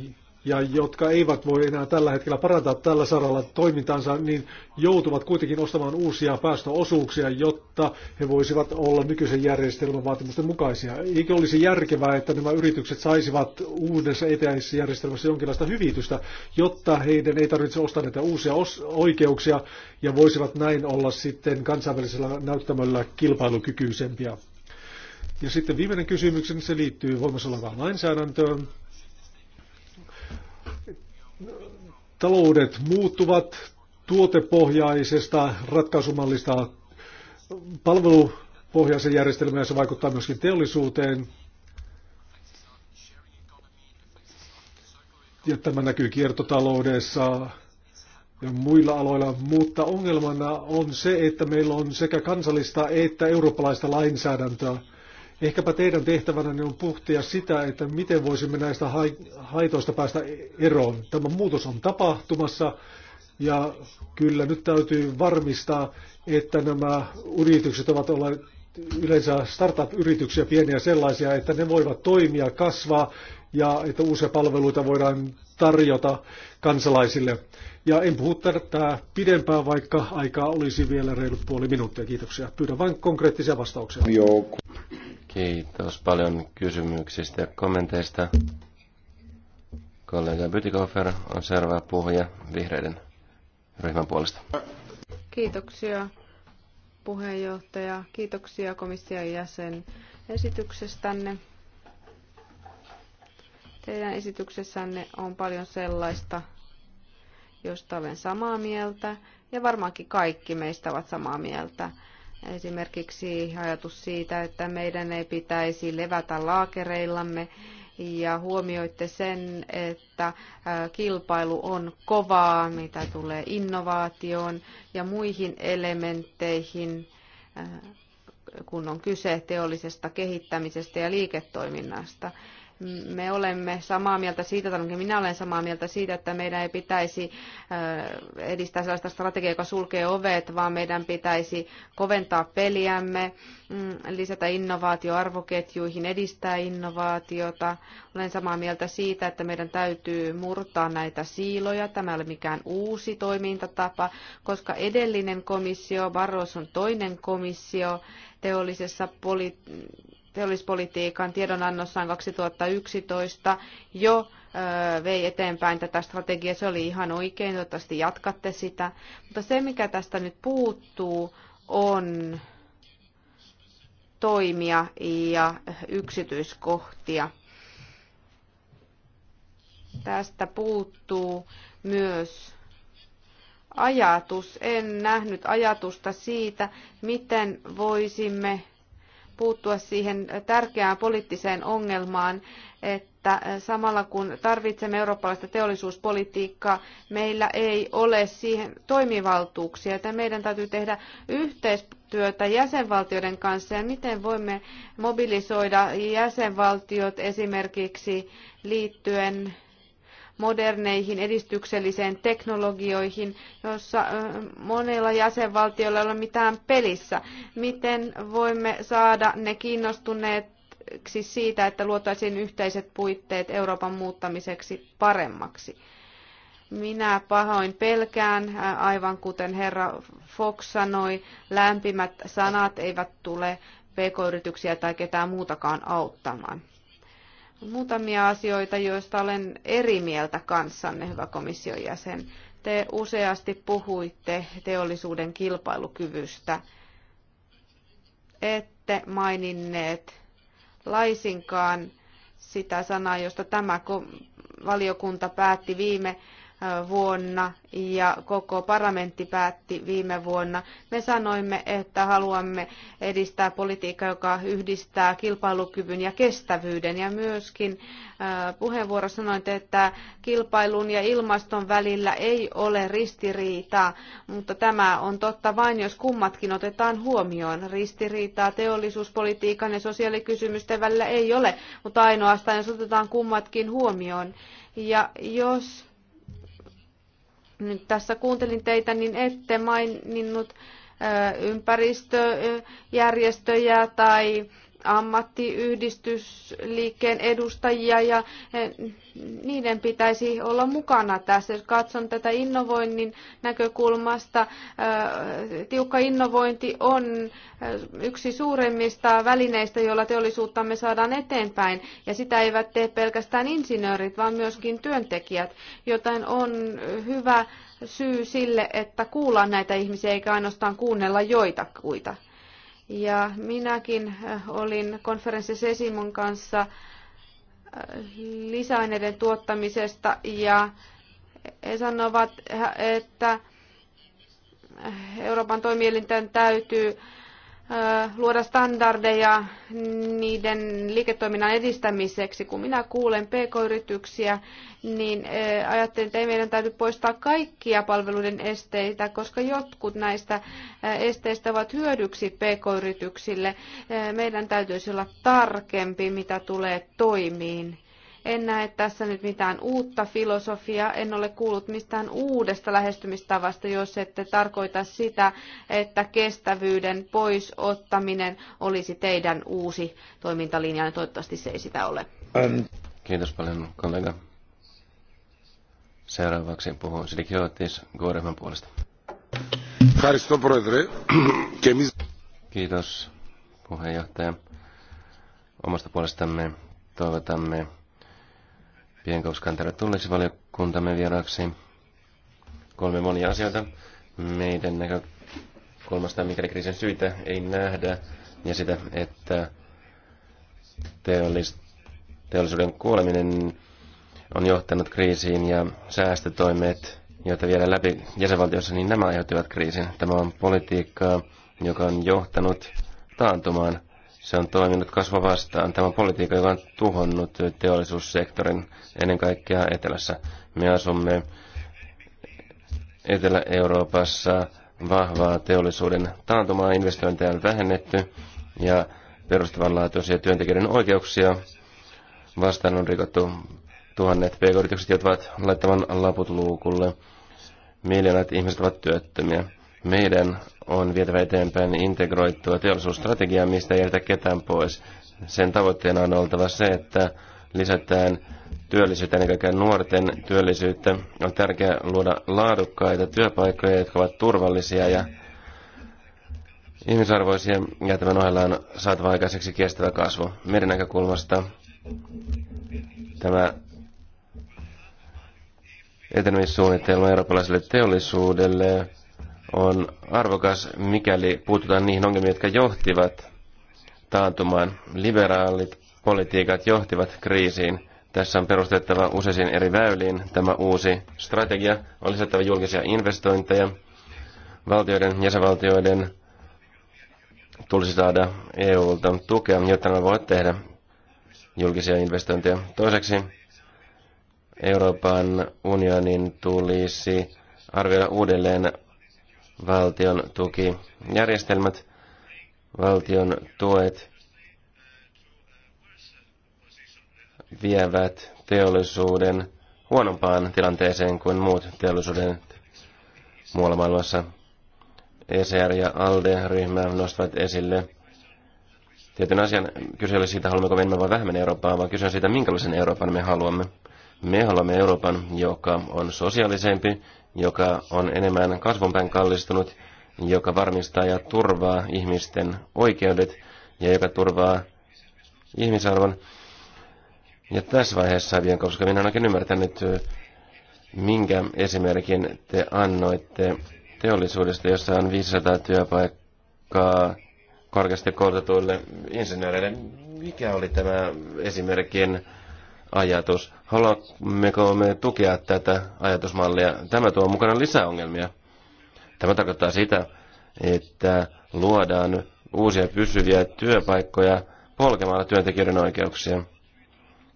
ja jotka eivät voi enää tällä hetkellä parantaa tällä saralla toimintansa, niin joutuvat kuitenkin ostamaan uusia päästöosuuksia, jotta he voisivat olla nykyisen järjestelmän vaatimusten mukaisia. Eikö olisi järkevää, että nämä yritykset saisivat uudessa ETS-järjestelmässä jonkinlaista hyvitystä, jotta heidän ei tarvitse ostaa näitä uusia oikeuksia ja voisivat näin olla sitten kansainvälisellä näyttämöllä kilpailukykyisempiä? Ja sitten viimeinen kysymyksen, se liittyy voimassa olevaan lainsäädäntöön. Taloudet muuttuvat tuotepohjaisesta ratkaisumallista palvelupohjaisen järjestelmään ja se vaikuttaa myöskin teollisuuteen. Ja tämä näkyy kiertotaloudessa, ja muilla aloilla, mutta ongelmana on se, että meillä on sekä kansallista että eurooppalaista lainsäädäntöä. Ehkäpä teidän tehtävänä on puhtia sitä, että miten voisimme näistä haitoista päästä eroon. Tämä muutos on tapahtumassa ja kyllä nyt täytyy varmistaa, että nämä yritykset ovat olleet yleensä startup-yrityksiä, pieniä sellaisia, että ne voivat toimia, kasvaa ja että uusia palveluita voidaan tarjota kansalaisille. Ja en puhu tätä pidempään, vaikka aikaa olisi vielä reilut puoli minuuttia. Kiitoksia. Pyydän vain konkreettisia vastauksia. Joo. Kiitos paljon kysymyksistä ja kommenteista. Kollega Bytikofer on seuraava puhuja vihreiden ryhmän puolesta. Kiitoksia puheenjohtaja. Kiitoksia komission jäsen esityksestänne. Teidän esityksessänne on paljon sellaista, josta olen samaa mieltä, ja varmaankin kaikki meistä ovat samaa mieltä. Esimerkiksi ajatus siitä, että meidän ei pitäisi levätä laakereillamme ja huomioitte sen, että kilpailu on kovaa, mitä tulee innovaatioon ja muihin elementteihin, kun on kyse teollisesta kehittämisestä ja liiketoiminnasta. Me olemme samaa mieltä siitä, tai minä olen samaa mieltä siitä, että meidän ei pitäisi edistää sellaista strategiaa, joka sulkee ovet, vaan meidän pitäisi koventaa peliämme, mm, lisätä innovaatioarvoketjuihin, edistää innovaatiota. Olen samaa mieltä siitä, että meidän täytyy murtaa näitä siiloja. Tämä ei ole mikään uusi toimintatapa, koska edellinen komissio, Barroson toinen komissio, teollisessa politiikassa, teollispolitiikan tiedonannossaan 2011 jo vei eteenpäin tätä strategiaa. Se oli ihan oikein, toivottavasti jatkatte sitä. Mutta se, mikä tästä nyt puuttuu, on toimia ja yksityiskohtia. Tästä puuttuu myös ajatus. En nähnyt ajatusta siitä, miten voisimme puuttua siihen tärkeään poliittiseen ongelmaan, että samalla kun tarvitsemme eurooppalaista teollisuuspolitiikkaa, meillä ei ole siihen toimivaltuuksia, että meidän täytyy tehdä yhteistyötä jäsenvaltioiden kanssa ja miten voimme mobilisoida jäsenvaltiot esimerkiksi liittyen moderneihin edistykselliseen teknologioihin, jossa monilla jäsenvaltioilla ei ole mitään pelissä. Miten voimme saada ne kiinnostuneet siitä, että luotaisiin yhteiset puitteet Euroopan muuttamiseksi paremmaksi? Minä pahoin pelkään, aivan kuten herra Fox sanoi, lämpimät sanat eivät tule pk-yrityksiä tai ketään muutakaan auttamaan muutamia asioita, joista olen eri mieltä kanssanne, hyvä komission jäsen. Te useasti puhuitte teollisuuden kilpailukyvystä. Ette maininneet laisinkaan sitä sanaa, josta tämä valiokunta päätti viime vuonna ja koko parlamentti päätti viime vuonna. Me sanoimme, että haluamme edistää politiikkaa, joka yhdistää kilpailukyvyn ja kestävyyden. Ja myöskin puheenvuoro sanoitte, että kilpailun ja ilmaston välillä ei ole ristiriitaa, mutta tämä on totta vain, jos kummatkin otetaan huomioon. Ristiriitaa teollisuuspolitiikan ja sosiaalikysymysten välillä ei ole, mutta ainoastaan jos otetaan kummatkin huomioon. Ja jos nyt tässä kuuntelin teitä, niin ette maininnut ympäristöjärjestöjä tai ammattiyhdistysliikkeen edustajia ja eh, niiden pitäisi olla mukana tässä. Jos katson tätä innovoinnin näkökulmasta, eh, tiukka innovointi on eh, yksi suuremmista välineistä, joilla teollisuuttamme saadaan eteenpäin. Ja sitä eivät tee pelkästään insinöörit, vaan myöskin työntekijät, joten on hyvä syy sille, että kuullaan näitä ihmisiä eikä ainoastaan kuunnella joitakuita. Ja minäkin äh, olin konferenssissa Esimon kanssa äh, lisäaineiden tuottamisesta ja he sanovat, että Euroopan toimielinten täytyy luoda standardeja niiden liiketoiminnan edistämiseksi. Kun minä kuulen pk-yrityksiä, niin ajattelin, että ei meidän täytyy poistaa kaikkia palveluiden esteitä, koska jotkut näistä esteistä ovat hyödyksi pk-yrityksille. Meidän täytyisi olla tarkempi, mitä tulee toimiin en näe tässä nyt mitään uutta filosofiaa, en ole kuullut mistään uudesta lähestymistavasta, jos ette tarkoita sitä, että kestävyyden pois ottaminen olisi teidän uusi toimintalinjanne. Toivottavasti se ei sitä ole. Ähm. Kiitos paljon kollega. Seuraavaksi puhuu Sidikiotis Guoreman puolesta. Kiitos puheenjohtaja. Omasta puolestamme toivotamme Pienkouskan tervetulleeksi valiokuntamme vieraaksi. Kolme monia asioita meidän näkökulmasta, mikäli kriisin syitä ei nähdä, ja sitä, että teollis- teollisuuden kuoleminen on johtanut kriisiin ja säästötoimet, joita vielä läpi jäsenvaltiossa, niin nämä aiheuttivat kriisin. Tämä on politiikkaa, joka on johtanut taantumaan. Se on toiminut kasva vastaan. Tämä politiikka, joka on tuhonnut teollisuussektorin ennen kaikkea etelässä. Me asumme Etelä-Euroopassa vahvaa teollisuuden taantumaa, investointeja on vähennetty ja perustavanlaatuisia työntekijöiden oikeuksia vastaan on rikottu. Tuhannet pk-yritykset ovat laittavan laput luukulle. Miljoonat ihmiset ovat työttömiä. Meidän on vietävä eteenpäin integroittua teollisuusstrategiaa, mistä ei jätä ketään pois. Sen tavoitteena on oltava se, että lisätään työllisyyttä, ennen kaikkea nuorten työllisyyttä. On tärkeää luoda laadukkaita työpaikkoja, jotka ovat turvallisia ja ihmisarvoisia, ja tämän ohella on saatava aikaiseksi kestävä kasvu. Meidän näkökulmasta tämä etenemissuunnitelma eurooppalaiselle teollisuudelle on arvokas, mikäli puututaan niihin ongelmiin, jotka johtivat taantumaan. Liberaalit politiikat johtivat kriisiin. Tässä on perustettava useisiin eri väyliin tämä uusi strategia. On lisättävä julkisia investointeja. Valtioiden, jäsenvaltioiden tulisi saada EUlta tukea, jotta ne voivat tehdä julkisia investointeja. Toiseksi Euroopan unionin tulisi arvioida uudelleen valtion tukijärjestelmät, valtion tuet vievät teollisuuden huonompaan tilanteeseen kuin muut teollisuuden muualla maailmassa. ECR ja ALDE-ryhmä nostavat esille tietyn asian. Kyse oli siitä, haluammeko me vai vähemmän Eurooppaa, vaan kyse on siitä, minkälaisen Euroopan me haluamme. Me haluamme Euroopan, joka on sosiaalisempi, joka on enemmän kasvonpäin kallistunut, joka varmistaa ja turvaa ihmisten oikeudet ja joka turvaa ihmisarvon. Ja tässä vaiheessa vielä, koska minä en oikein ymmärtänyt, minkä esimerkin te annoitte teollisuudesta, jossa on 500 työpaikkaa korkeasti koulutetuille insinööreille. Mikä oli tämä esimerkin ajatus. Haluammeko me tukea tätä ajatusmallia? Tämä tuo mukana lisäongelmia. Tämä tarkoittaa sitä, että luodaan uusia pysyviä työpaikkoja polkemalla työntekijöiden oikeuksia.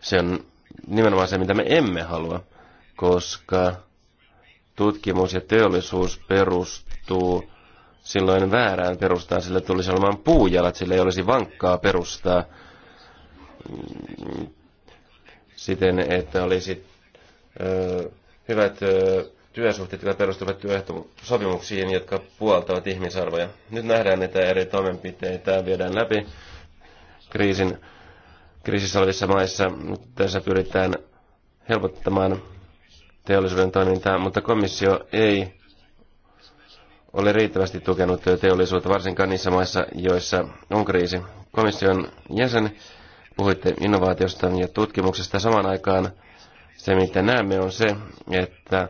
Se on nimenomaan se, mitä me emme halua, koska tutkimus ja teollisuus perustuu silloin väärään perustaan, sillä tulisi olemaan puujalat, sillä ei olisi vankkaa perustaa siten, että olisi ö, hyvät ö, työsuhteet, jotka perustuvat työehtosopimuksiin, jotka puoltavat ihmisarvoja. Nyt nähdään, että eri toimenpiteitä viedään läpi kriisin, kriisissä olevissa maissa. Tässä pyritään helpottamaan teollisuuden toimintaa, mutta komissio ei ole riittävästi tukenut teollisuutta, varsinkaan niissä maissa, joissa on kriisi. Komission jäsen Puhuitte innovaatiosta ja tutkimuksesta samaan aikaan. Se, mitä näemme, on se, että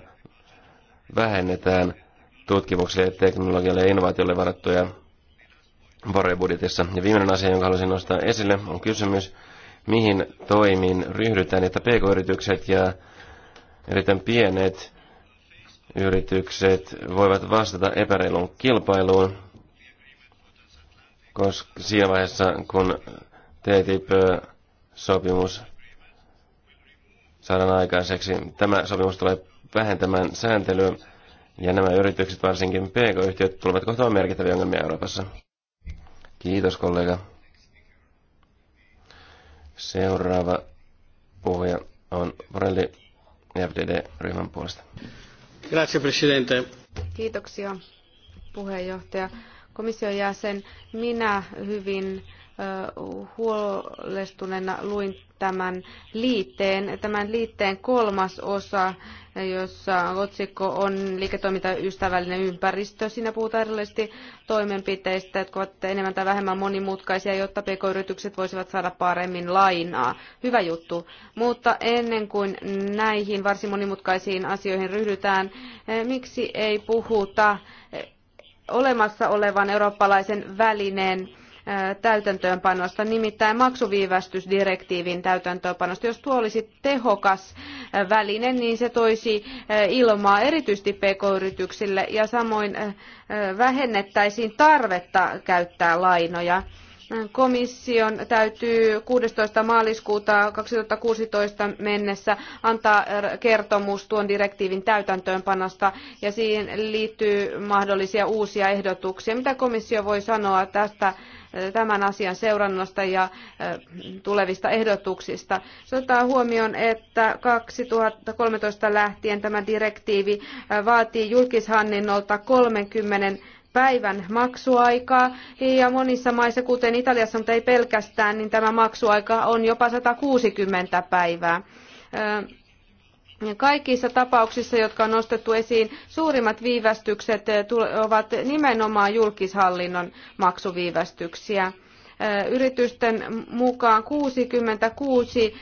vähennetään tutkimukselle, teknologialle ja innovaatiolle varattuja varoja budjetissa. Ja viimeinen asia, jonka haluaisin nostaa esille, on kysymys, mihin toimiin ryhdytään, että pk-yritykset ja erittäin pienet yritykset voivat vastata epäreilun kilpailuun, koska siinä vaiheessa, kun TTIP-sopimus saadaan aikaiseksi. Tämä sopimus tulee vähentämään sääntelyä ja nämä yritykset, varsinkin PK-yhtiöt, tulevat kohtaan merkittäviä ongelmia Euroopassa. Kiitos kollega. Seuraava puhuja on Vorelli FDD-ryhmän puolesta. Grazie, Presidente. Kiitoksia, puheenjohtaja. Komission jäsen, minä hyvin huolestuneena luin tämän liitteen. Tämän liitteen kolmas osa, jossa otsikko on liiketoimintaystävällinen ympäristö. Siinä puhutaan erilaisesti toimenpiteistä, jotka ovat enemmän tai vähemmän monimutkaisia, jotta pk-yritykset voisivat saada paremmin lainaa. Hyvä juttu. Mutta ennen kuin näihin varsin monimutkaisiin asioihin ryhdytään, miksi ei puhuta olemassa olevan eurooppalaisen välineen täytäntöönpanosta, nimittäin maksuviivästysdirektiivin täytäntöönpanosta. Jos tuo olisi tehokas väline, niin se toisi ilmaa erityisesti pk-yrityksille ja samoin vähennettäisiin tarvetta käyttää lainoja. Komission täytyy 16. maaliskuuta 2016 mennessä antaa kertomus tuon direktiivin täytäntöönpanosta ja siihen liittyy mahdollisia uusia ehdotuksia. Mitä komissio voi sanoa tästä eh, tämän asian seurannasta ja eh, tulevista ehdotuksista. Se ottaa huomioon, että 2013 lähtien tämä direktiivi eh, vaatii julkishanninnolta 30 päivän maksuaikaa ja monissa maissa, kuten Italiassa, mutta ei pelkästään, niin tämä maksuaika on jopa 160 päivää. Kaikissa tapauksissa, jotka on nostettu esiin, suurimmat viivästykset ovat nimenomaan julkishallinnon maksuviivästyksiä yritysten mukaan 66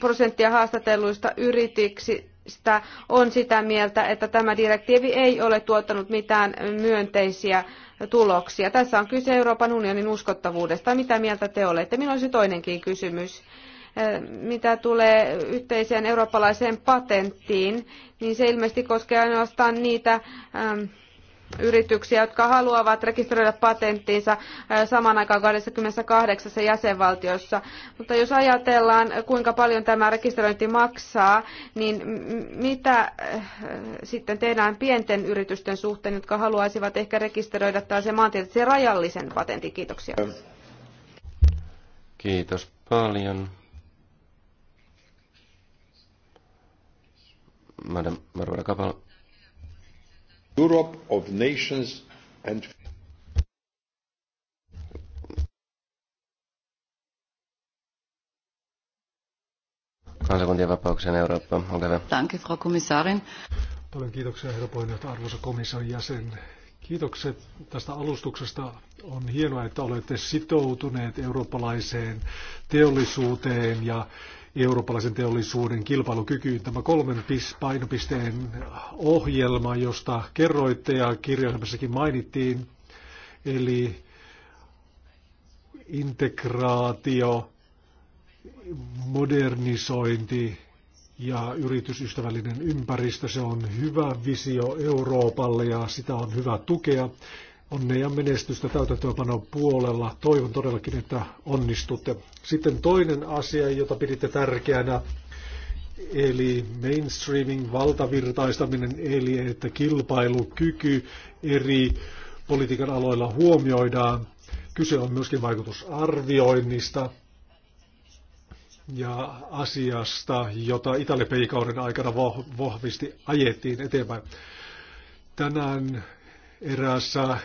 prosenttia haastatelluista yrityksistä sitä on sitä mieltä, että tämä direktiivi ei ole tuottanut mitään myönteisiä tuloksia. Tässä on kyse Euroopan unionin uskottavuudesta. Mitä mieltä te olette? Minulla olisi toinenkin kysymys. Eh, mitä tulee yhteiseen eurooppalaiseen patenttiin, niin se ilmeisesti koskee ainoastaan niitä ähm, yrityksiä, jotka haluavat rekisteröidä patenttinsa äh, saman aikaan 28 jäsenvaltiossa. Mutta jos ajatellaan, kuinka paljon tämä rekisteröinti maksaa, niin mitä äh, sitten tehdään pienten yritysten suhteen, jotka haluaisivat ehkä rekisteröidä tällaisen maantieteellisen rajallisen patentin? Kiitoksia. Kiitos paljon. Madame Barbara Kapal, Europe of nations and Kansakuntien vapauksien Eurooppa, olkaa hyvä. Danke, Frau Kommissarin. Paljon kiitoksia, herra puheenjohtaja, arvoisa komission jäsen. Kiitokset tästä alustuksesta. On hienoa, että olette sitoutuneet eurooppalaiseen teollisuuteen ja eurooppalaisen teollisuuden kilpailukykyyn. Tämä kolmen painopisteen ohjelma, josta kerroitte ja kirjelmässäkin mainittiin, eli integraatio, modernisointi ja yritysystävällinen ympäristö. Se on hyvä visio Euroopalle ja sitä on hyvä tukea onnea ja menestystä täytäntöönpanon puolella. Toivon todellakin, että onnistutte. Sitten toinen asia, jota piditte tärkeänä, eli mainstreaming, valtavirtaistaminen, eli että kilpailukyky eri politiikan aloilla huomioidaan. Kyse on myöskin vaikutusarvioinnista ja asiasta, jota Italiapeikauden aikana vahvisti ajettiin eteenpäin. Tänään eräässä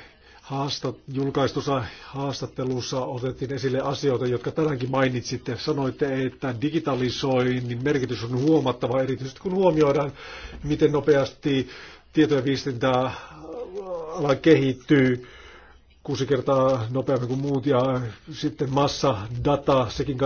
haastat, julkaistussa haastattelussa otettiin esille asioita, jotka tänäänkin mainitsitte. Sanoitte, että digitalisoinnin merkitys on huomattava, erityisesti kun huomioidaan, miten nopeasti tieto- ja viestintäala kehittyy kuusi kertaa nopeammin kuin muut ja sitten massa data, sekin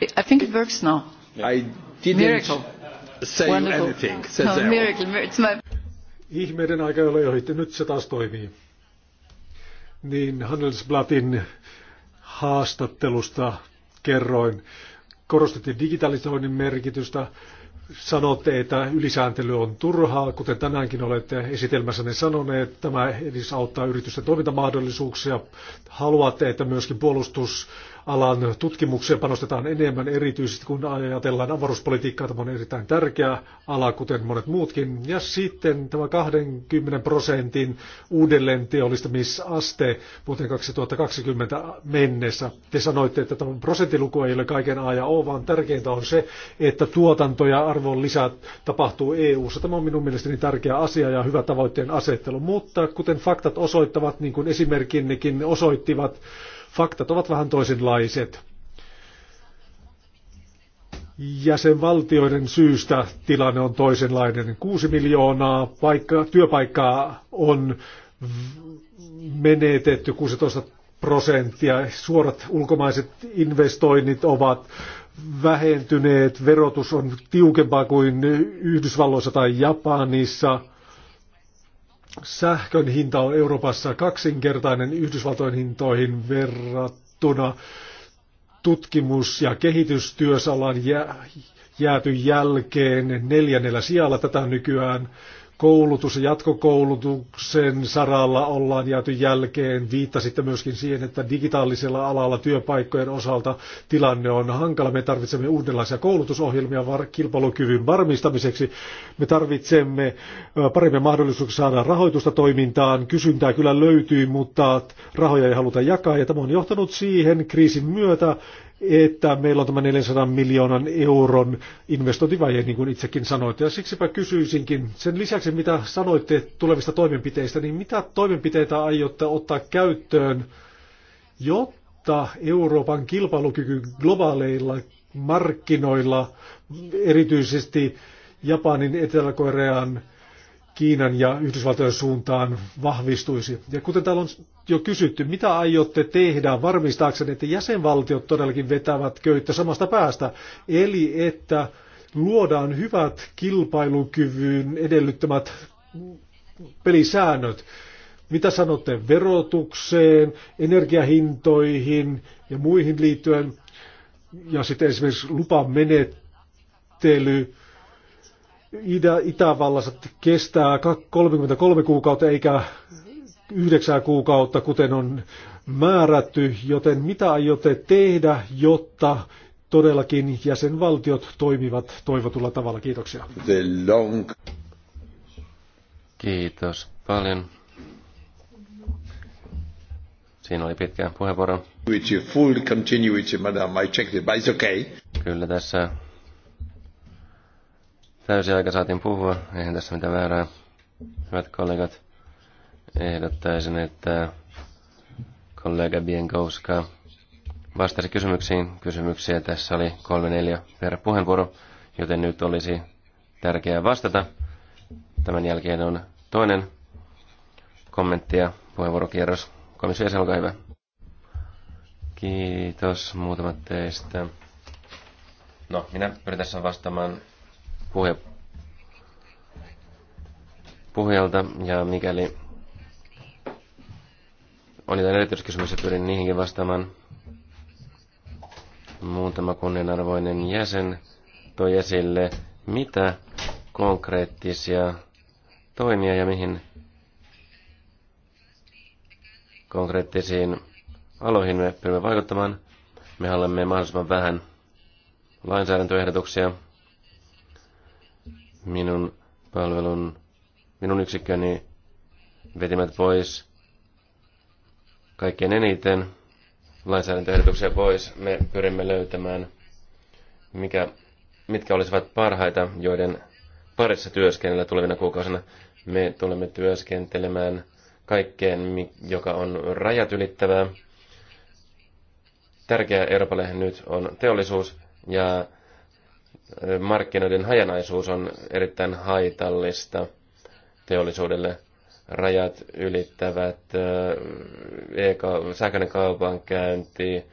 I think it works now. I didn't miracle. say Wonderful. anything. Se oh, no, miracle. It's my... Ihmeiden aika ei ole ohitti. Nyt se taas toimii. Niin Handelsblatin haastattelusta kerroin. Korostettiin digitalisoinnin merkitystä. Sanotte, että ylisääntely on turhaa, kuten tänäänkin olette esitelmässänne sanoneet. Tämä edes auttaa yritysten toimintamahdollisuuksia. Haluatte, että myöskin puolustus alan tutkimukseen panostetaan enemmän, erityisesti kun ajatellaan avaruuspolitiikkaa. Tämä on erittäin tärkeä ala, kuten monet muutkin. Ja sitten tämä 20 prosentin uudelleen teollistamisaste vuoteen 2020 mennessä. Te sanoitte, että tämä prosenttiluku ei ole kaiken A ja O, vaan tärkeintä on se, että tuotanto ja arvon lisä tapahtuu EU-ssa. Tämä on minun mielestäni tärkeä asia ja hyvä tavoitteen asettelu. Mutta kuten faktat osoittavat, niin kuin esimerkinnekin osoittivat, Faktat ovat vähän toisenlaiset. Jäsenvaltioiden syystä tilanne on toisenlainen. 6 miljoonaa paikka, työpaikkaa on menetetty, 16 prosenttia. Suorat ulkomaiset investoinnit ovat vähentyneet, verotus on tiukempaa kuin Yhdysvalloissa tai Japanissa – Sähkön hinta on Euroopassa kaksinkertainen Yhdysvaltojen hintoihin verrattuna. Tutkimus- ja kehitystyösalan jääty jälkeen neljännellä sijalla tätä nykyään koulutus- ja jatkokoulutuksen saralla ollaan jääty jälkeen. Viittasitte myöskin siihen, että digitaalisella alalla työpaikkojen osalta tilanne on hankala. Me tarvitsemme uudenlaisia koulutusohjelmia kilpailukyvyn varmistamiseksi. Me tarvitsemme paremmin mahdollisuuksia saada rahoitusta toimintaan. Kysyntää kyllä löytyy, mutta rahoja ei haluta jakaa ja tämä on johtanut siihen kriisin myötä, että meillä on tämä 400 miljoonan euron investointivaje, niin kuin itsekin sanoitte. Ja siksipä kysyisinkin, sen lisäksi mitä sanoitte tulevista toimenpiteistä, niin mitä toimenpiteitä aiotte ottaa käyttöön, jotta Euroopan kilpailukyky globaaleilla markkinoilla, erityisesti Japanin, Etelä-Korean Kiinan ja Yhdysvaltojen suuntaan vahvistuisi. Ja kuten täällä on jo kysytty, mitä aiotte tehdä varmistaakseni, että jäsenvaltiot todellakin vetävät köyttä samasta päästä, eli että luodaan hyvät kilpailukyvyn edellyttämät pelisäännöt. Mitä sanotte verotukseen, energiahintoihin ja muihin liittyen, ja sitten esimerkiksi lupamenettely, Itä, Itävallassa kestää 33 kuukautta eikä 9 kuukautta, kuten on määrätty, joten mitä aiotte tehdä, jotta todellakin jäsenvaltiot toimivat toivotulla tavalla? Kiitoksia. Kiitos paljon. Siinä oli pitkä puheenvuoro. Full continuity, madam. I checked it, but it's okay. Kyllä tässä Täysi aika saatiin puhua, eihän tässä mitään väärää. Hyvät kollegat, ehdottaisin, että kollega Bienkowska vastasi kysymyksiin. Kysymyksiä tässä oli kolme neljä per puheenvuoro, joten nyt olisi tärkeää vastata. Tämän jälkeen on toinen kommentti ja puheenvuorokierros. Komissio jäsen, olkaa hyvä. Kiitos muutamat teistä. No, minä pyritän vastaamaan puhe, puhujalta ja mikäli on jotain erityiskysymyksiä, pyrin niihinkin vastaamaan. Muutama kunnianarvoinen jäsen toi esille, mitä konkreettisia toimia ja mihin konkreettisiin aloihin me pyrimme vaikuttamaan. Me haluamme mahdollisimman vähän lainsäädäntöehdotuksia, minun palvelun, minun yksikköni vetimät pois kaikkein eniten lainsäädäntöehdotuksia pois. Me pyrimme löytämään, mikä, mitkä olisivat parhaita, joiden parissa työskennellä tulevina kuukausina. Me tulemme työskentelemään kaikkeen, joka on rajat ylittävää. Tärkeä Euroopalle nyt on teollisuus ja markkinoiden hajanaisuus on erittäin haitallista teollisuudelle. Rajat ylittävät sähköinen kaupankäynti,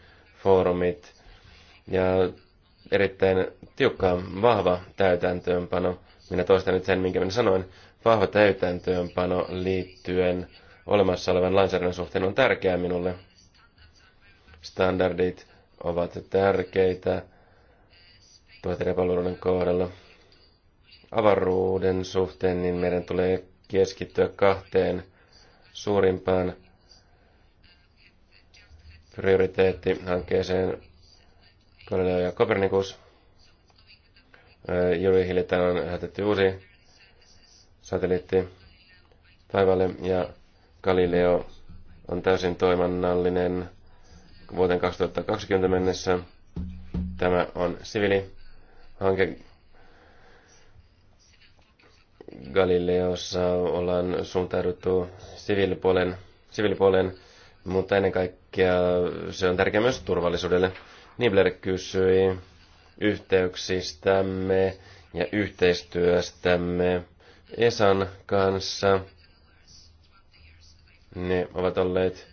foorumit ja erittäin tiukka, vahva täytäntöönpano. Minä toistan nyt sen, minkä minä sanoin. Vahva täytäntöönpano liittyen olemassa olevan lainsäädännön suhteen on tärkeää minulle. Standardit ovat tärkeitä materiaalipalveluiden kohdalla avaruuden suhteen, niin meidän tulee keskittyä kahteen suurimpaan prioriteettihankkeeseen Galileo ja Copernicus. Öö, juuri hiljattain on lähetetty uusi satelliitti taivaalle ja Galileo on täysin toiminnallinen vuoteen 2020 mennessä. Tämä on siviili hanke Galileossa ollaan suuntauduttu siviilipuolen, siviilipuolen, mutta ennen kaikkea se on tärkeä myös turvallisuudelle. Nibler kysyi yhteyksistämme ja yhteistyöstämme Esan kanssa. Ne ovat olleet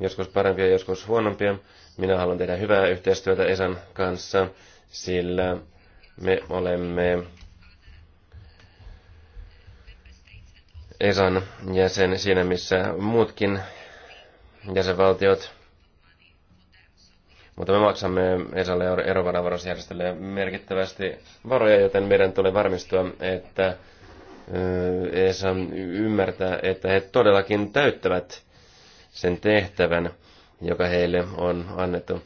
joskus parempia, joskus huonompia. Minä haluan tehdä hyvää yhteistyötä Esan kanssa sillä me olemme ESAn jäsen siinä, missä muutkin jäsenvaltiot. Mutta me maksamme ESAlle erovaranvarausjärjestölle merkittävästi varoja, joten meidän tulee varmistua, että ESA ymmärtää, että he todellakin täyttävät sen tehtävän, joka heille on annettu.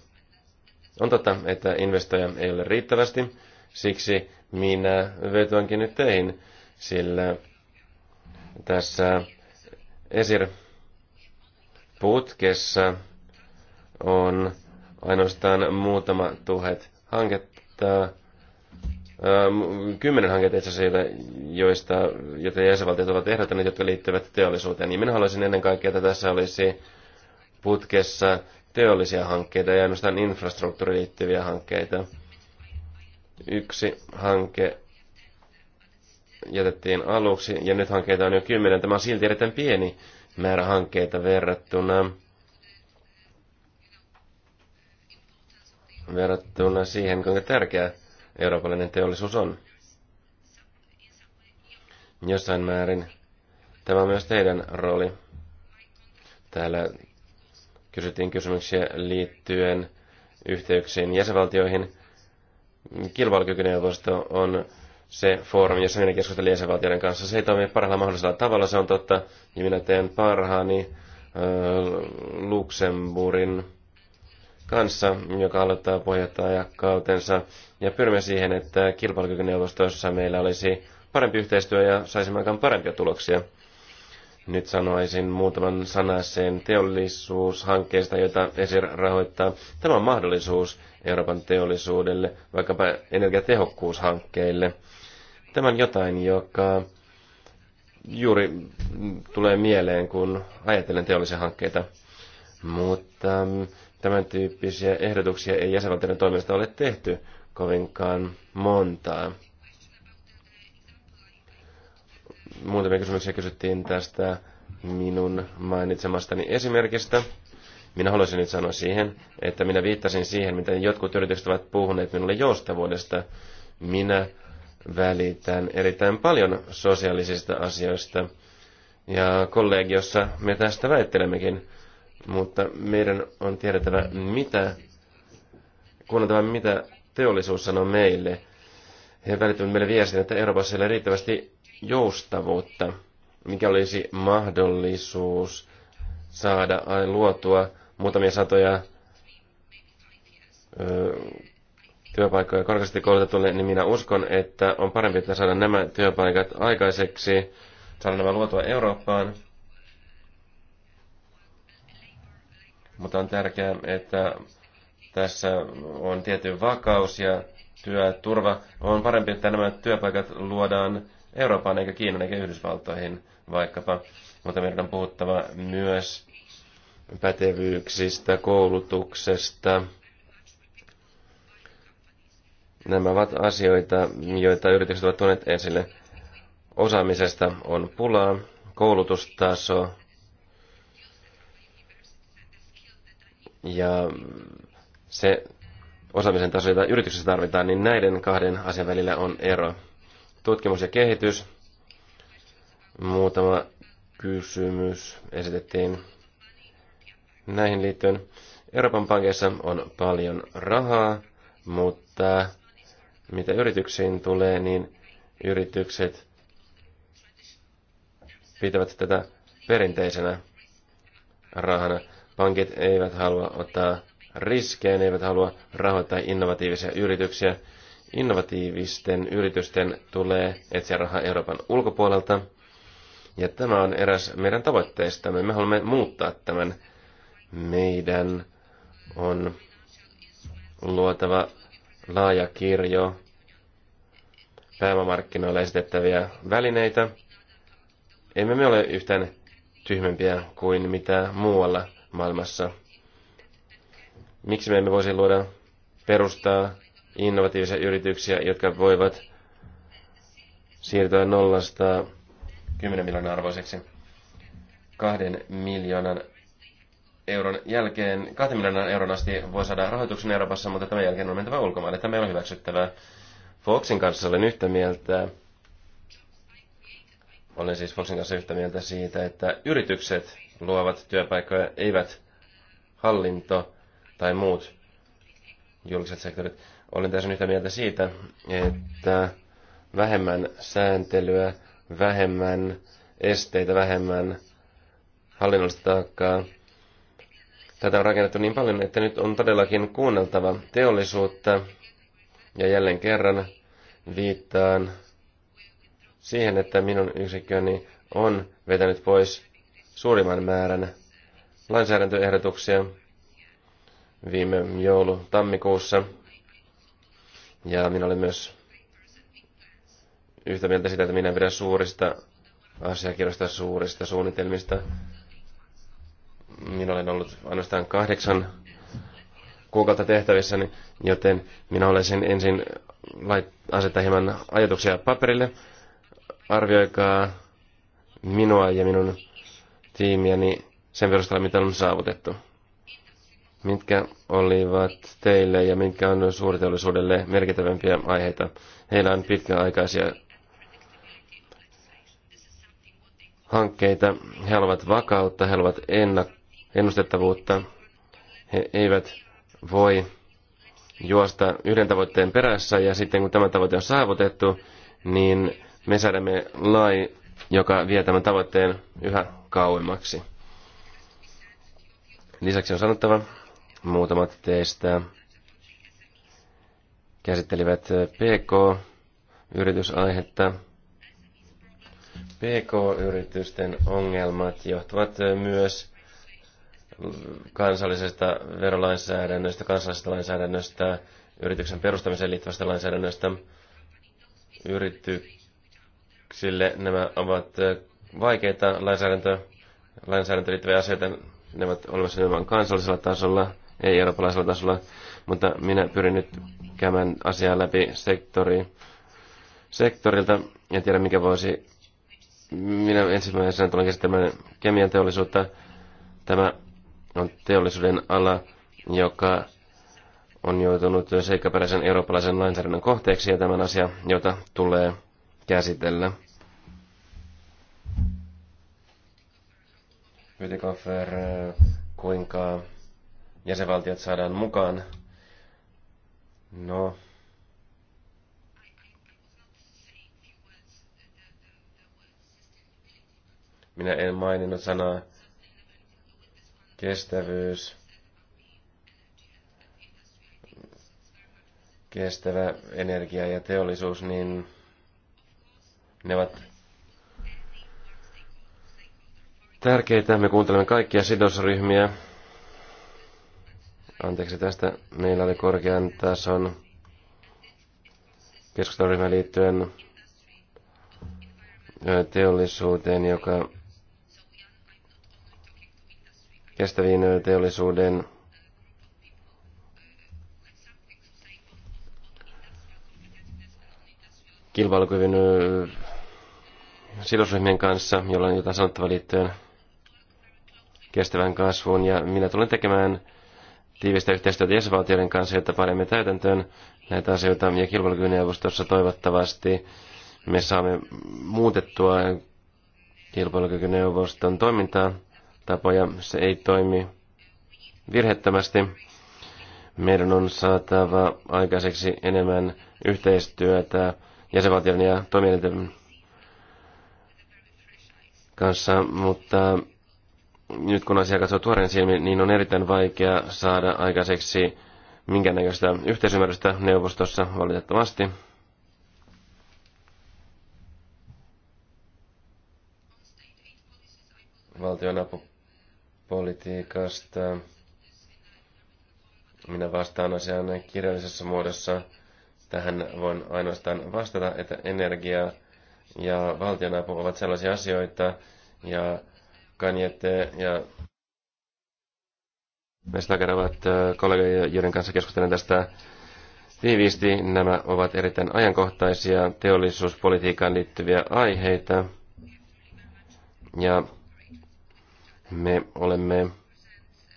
On totta, että investoja ei ole riittävästi, siksi minä vetoankin nyt teihin, sillä tässä ESIR-putkessa on ainoastaan muutama tuhat hanketta, kymmenen hanketta itse asiassa, joista, joita jäsenvaltiot ovat ehdottaneet, jotka liittyvät teollisuuteen. Niin minä haluaisin ennen kaikkea, että tässä olisi putkessa teollisia hankkeita ja ainoastaan infrastruktuuriin liittyviä hankkeita. Yksi hanke jätettiin aluksi, ja nyt hankkeita on jo kymmenen. Tämä on silti erittäin pieni määrä hankkeita verrattuna, verrattuna siihen, kuinka tärkeä eurooppalainen teollisuus on. Jossain määrin tämä on myös teidän rooli täällä Kysyttiin kysymyksiä liittyen yhteyksiin jäsenvaltioihin. Kilpailukykyneuvosto on se foorumi, jossa minä keskustelin jäsenvaltioiden kanssa. Se ei toimi parhaalla mahdollisella tavalla, se on totta, ja minä teen parhaani äh, Luxemburgin kanssa, joka aloittaa puheenjohtajakautensa, ja pyrimme siihen, että kilpailukykyneuvostoissa meillä olisi parempi yhteistyö ja saisimme aikaan parempia tuloksia. Nyt sanoisin muutaman sanasen teollisuushankkeesta, jota ESIR rahoittaa. Tämä on mahdollisuus Euroopan teollisuudelle, vaikkapa energiatehokkuushankkeille. Tämä on jotain, joka juuri tulee mieleen, kun ajattelen teollisia hankkeita. Mutta mm, tämän tyyppisiä ehdotuksia ei jäsenvaltioiden toimesta ole tehty kovinkaan montaa. Muutamia kysymyksiä kysyttiin tästä minun mainitsemastani esimerkistä. Minä haluaisin nyt sanoa siihen, että minä viittasin siihen, miten jotkut yritykset ovat puhuneet minulle joustavuudesta. Minä välitän erittäin paljon sosiaalisista asioista. Ja kollegiossa me tästä väittelemmekin, mutta meidän on tiedettävä, mitä, kuunneltava, mitä teollisuus sanoo meille. He välittävät meille viestin, että Euroopassa ei ole riittävästi joustavuutta, mikä olisi mahdollisuus saada luotua muutamia satoja ö, työpaikkoja korkeasti koulutetulle, niin minä uskon, että on parempi, että saada nämä työpaikat aikaiseksi, saada nämä luotua Eurooppaan. Mutta on tärkeää, että tässä on tietty vakaus ja työturva. On parempi, että nämä työpaikat luodaan Eurooppaan, eikä Kiinan, eikä Yhdysvaltoihin vaikkapa. Mutta meidän on puhuttava myös pätevyyksistä, koulutuksesta. Nämä ovat asioita, joita yritykset ovat tuoneet esille. Osaamisesta on pulaa, koulutustaso ja se osaamisen taso, jota yrityksessä tarvitaan, niin näiden kahden asian välillä on ero tutkimus ja kehitys. Muutama kysymys esitettiin näihin liittyen. Euroopan pankeissa on paljon rahaa, mutta mitä yrityksiin tulee, niin yritykset pitävät tätä perinteisenä rahana. Pankit eivät halua ottaa riskejä, ne eivät halua rahoittaa innovatiivisia yrityksiä. Innovatiivisten yritysten tulee etsiä rahaa Euroopan ulkopuolelta, ja tämä on eräs meidän tavoitteistamme. Me haluamme muuttaa tämän. Meidän on luotava laaja kirjo pääomamarkkinoilla esitettäviä välineitä. Emme me ole yhtään tyhmempiä kuin mitä muualla maailmassa. Miksi me emme voisi luoda perustaa innovatiivisia yrityksiä, jotka voivat siirtyä nollasta 10 miljoonan arvoiseksi. Kahden miljoonan euron jälkeen, kahden miljoonan euron asti voi saada rahoituksen Euroopassa, mutta tämän jälkeen on mentävä ulkomaille. Tämä ei ole hyväksyttävää. Foxin kanssa olen yhtä mieltä. Olen siis Foxin kanssa yhtä mieltä siitä, että yritykset luovat työpaikkoja, eivät hallinto tai muut julkiset sektorit. Olen tässä yhtä mieltä siitä, että vähemmän sääntelyä, vähemmän esteitä, vähemmän hallinnollista taakkaa. Tätä on rakennettu niin paljon, että nyt on todellakin kuunneltava teollisuutta. Ja jälleen kerran viittaan siihen, että minun yksikköni on vetänyt pois suurimman määrän lainsäädäntöehdotuksia viime joulu-tammikuussa – ja minä olen myös yhtä mieltä sitä, että minä pidän suurista asiakirjoista, suurista suunnitelmista. Minä olen ollut ainoastaan kahdeksan kuukautta tehtävissäni, joten minä olen sen ensin lait- asettaa hieman ajatuksia paperille. Arvioikaa minua ja minun tiimiäni sen perusteella, mitä on saavutettu. Mitkä olivat teille ja mitkä on suurteollisuudelle merkittävämpiä aiheita? Heillä on pitkäaikaisia hankkeita. He haluavat vakautta, he haluavat ennustettavuutta. He eivät voi juosta yhden tavoitteen perässä ja sitten kun tämä tavoite on saavutettu, niin me säädämme lai, joka vie tämän tavoitteen yhä kauemmaksi. Lisäksi on sanottava, Muutamat teistä käsittelivät PK-yritysaihetta. PK-yritysten ongelmat johtuvat myös kansallisesta verolainsäädännöstä, kansallisesta lainsäädännöstä, yrityksen perustamiseen liittyvästä lainsäädännöstä. Yrityksille nämä ovat vaikeita lainsäädäntö, lainsäädäntöön liittyviä asioita. Ne ovat olemassa nimenomaan kansallisella tasolla ei eurooppalaisella tasolla, mutta minä pyrin nyt käymään asiaa läpi sektori, sektorilta. En tiedä, mikä voisi... Minä ensimmäisenä tulen käsittelemään kemian teollisuutta. Tämä on teollisuuden ala, joka on joutunut seikkaperäisen eurooppalaisen lainsäädännön kohteeksi ja tämän asia, jota tulee käsitellä. Pyytikoffer, kuinka jäsenvaltiot saadaan mukaan. No, minä en maininnut sanaa kestävyys, kestävä energia ja teollisuus, niin ne ovat tärkeitä. Me kuuntelemme kaikkia sidosryhmiä, Anteeksi tästä. Meillä oli korkean tason keskusteluryhmä liittyen teollisuuteen, joka kestäviin teollisuuden kilpailukyvyn sidosryhmien kanssa, jolla on jotain sanottavaa liittyen kestävän kasvuun. Ja minä tulen tekemään tiivistä yhteistyötä jäsenvaltioiden kanssa, jotta paremmin täytäntöön näitä asioita. Ja kilpailukykyneuvostossa toivottavasti me saamme muutettua kilpailukykyneuvoston toimintaa tapoja. Se ei toimi virhettömästi. Meidän on saatava aikaiseksi enemmän yhteistyötä jäsenvaltioiden ja toimielinten kanssa, mutta nyt kun asia katsoo tuoreen silmin, niin on erittäin vaikea saada aikaiseksi minkäännäköistä yhteisymmärrystä neuvostossa valitettavasti. apupolitiikasta. Minä vastaan asiaan kirjallisessa muodossa. Tähän voin ainoastaan vastata, että energia ja valtionapu ovat sellaisia asioita ja Kanjete ja Vestager ovat äh, kollegoja, joiden kanssa keskustelen tästä tiiviisti. Nämä ovat erittäin ajankohtaisia teollisuuspolitiikkaan liittyviä aiheita. Ja me olemme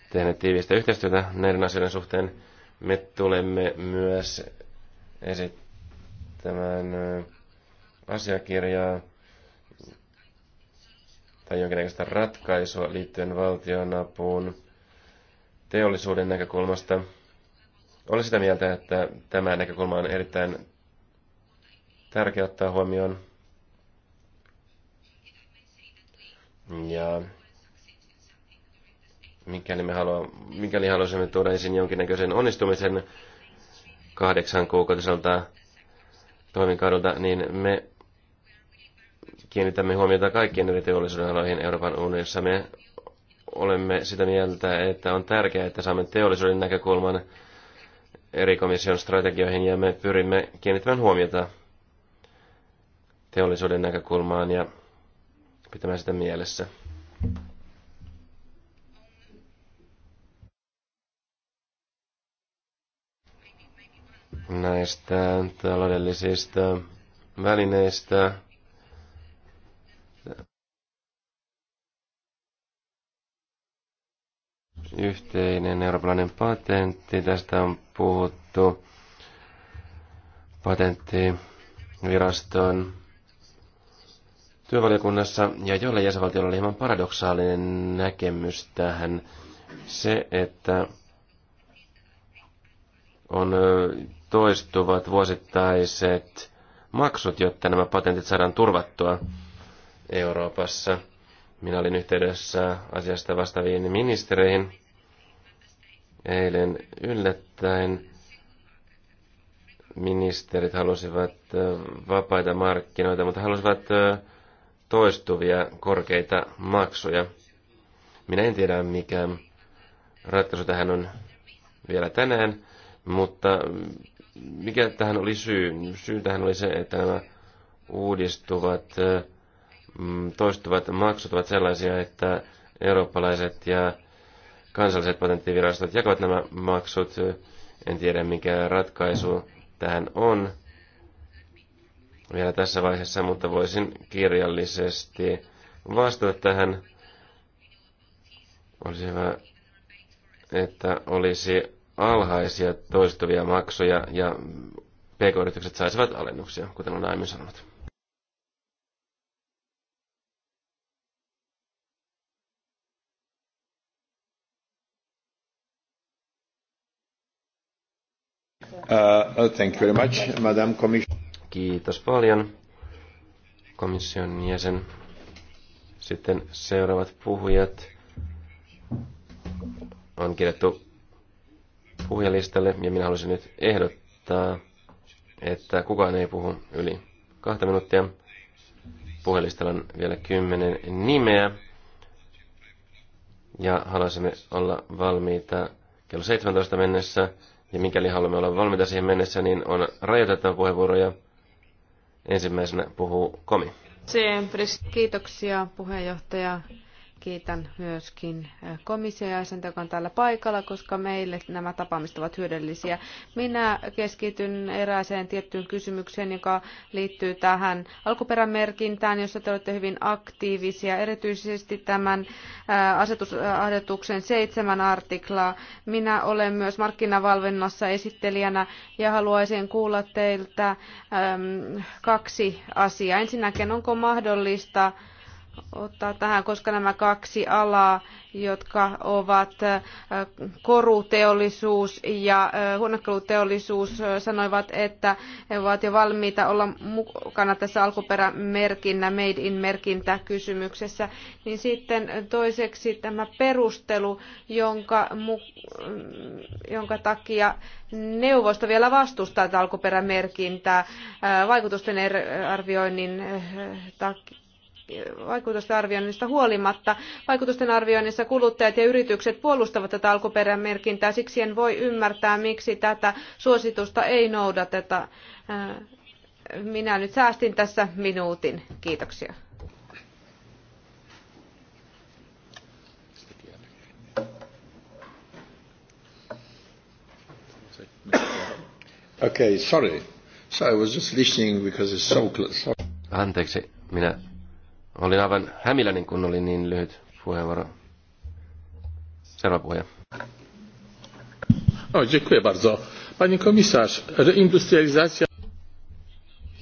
tehneet tiivistä yhteistyötä näiden asioiden suhteen. Me tulemme myös esittämään äh, asiakirjaa tai jonkinnäköistä ratkaisua liittyen valtionapuun teollisuuden näkökulmasta. Olen sitä mieltä, että tämä näkökulma on erittäin tärkeä ottaa huomioon. Ja mikäli, me halua, mikäli haluaisimme tuoda esiin jonkinnäköisen onnistumisen kahdeksan kuukautiselta toimikaudelta, niin me kiinnitämme huomiota kaikkien eri aloihin Euroopan unionissa. Me olemme sitä mieltä, että on tärkeää, että saamme teollisuuden näkökulman eri komission strategioihin ja me pyrimme kiinnittämään huomiota teollisuuden näkökulmaan ja pitämään sitä mielessä. Näistä taloudellisista välineistä yhteinen eurooppalainen patentti. Tästä on puhuttu patenttiviraston työvaliokunnassa, ja jolle jäsenvaltiolla oli hieman paradoksaalinen näkemys tähän. Se, että on toistuvat vuosittaiset maksut, jotta nämä patentit saadaan turvattua Euroopassa – minä olin yhteydessä asiasta vastaaviin ministereihin eilen yllättäen. Ministerit halusivat äh, vapaita markkinoita, mutta halusivat äh, toistuvia korkeita maksuja. Minä en tiedä, mikä ratkaisu tähän on vielä tänään, mutta mikä tähän oli syy? Syy tähän oli se, että nämä uudistuvat äh, Mm, toistuvat maksut ovat sellaisia, että eurooppalaiset ja kansalliset patenttivirastot jakavat nämä maksut. En tiedä, mikä ratkaisu tähän on vielä tässä vaiheessa, mutta voisin kirjallisesti vastata tähän. Olisi hyvä, että olisi alhaisia toistuvia maksuja ja pk-yritykset saisivat alennuksia, kuten olen aiemmin sanonut. Uh, oh, thank you very much, Madam Commission. Kiitos paljon, komission jäsen. Sitten seuraavat puhujat on kirjattu puhujalistalle, ja minä haluaisin nyt ehdottaa, että kukaan ei puhu yli kahta minuuttia. Puhelistalla on vielä kymmenen nimeä, ja haluaisimme olla valmiita kello 17 mennessä ja mikäli haluamme olla valmiita siihen mennessä, niin on rajoitettava puheenvuoroja. Ensimmäisenä puhuu Komi. Kiitoksia puheenjohtaja. Kiitän myöskin äh, komission jäsentä, joka on täällä paikalla, koska meille nämä tapaamiset ovat hyödyllisiä. Minä keskityn erääseen tiettyyn kysymykseen, joka liittyy tähän alkuperämerkintään, jossa te olette hyvin aktiivisia, erityisesti tämän äh, asetusahdotuksen äh, seitsemän artiklaa. Minä olen myös markkinavalvonnassa esittelijänä ja haluaisin kuulla teiltä kaksi asiaa. Ensinnäkin, onko mahdollista ottaa tähän, koska nämä kaksi alaa, jotka ovat äh, koruteollisuus ja äh, huonekaluteollisuus, äh, sanoivat, että he ovat jo valmiita olla mukana tässä alkuperämerkinnä, made in merkintä kysymyksessä. Niin sitten toiseksi tämä perustelu, jonka, jonka takia neuvosto vielä vastustaa tätä alkuperämerkintää vaikutusten er-, arvioinnin takia vaikutusten arvioinnista huolimatta. Vaikutusten arvioinnissa kuluttajat ja yritykset puolustavat tätä alkuperämerkintää, siksi en voi ymmärtää, miksi tätä suositusta ei noudateta. Äh, minä nyt säästin tässä minuutin. Kiitoksia. Okay, sorry. So I was just listening because it's so close. Anteeksi, minä Olin aivan hämiläinen, kun oli niin lyhyt puheenvuoro. Seuraava puheen. No, dziękuję bardzo. Pani komisarz, reindustrializacja...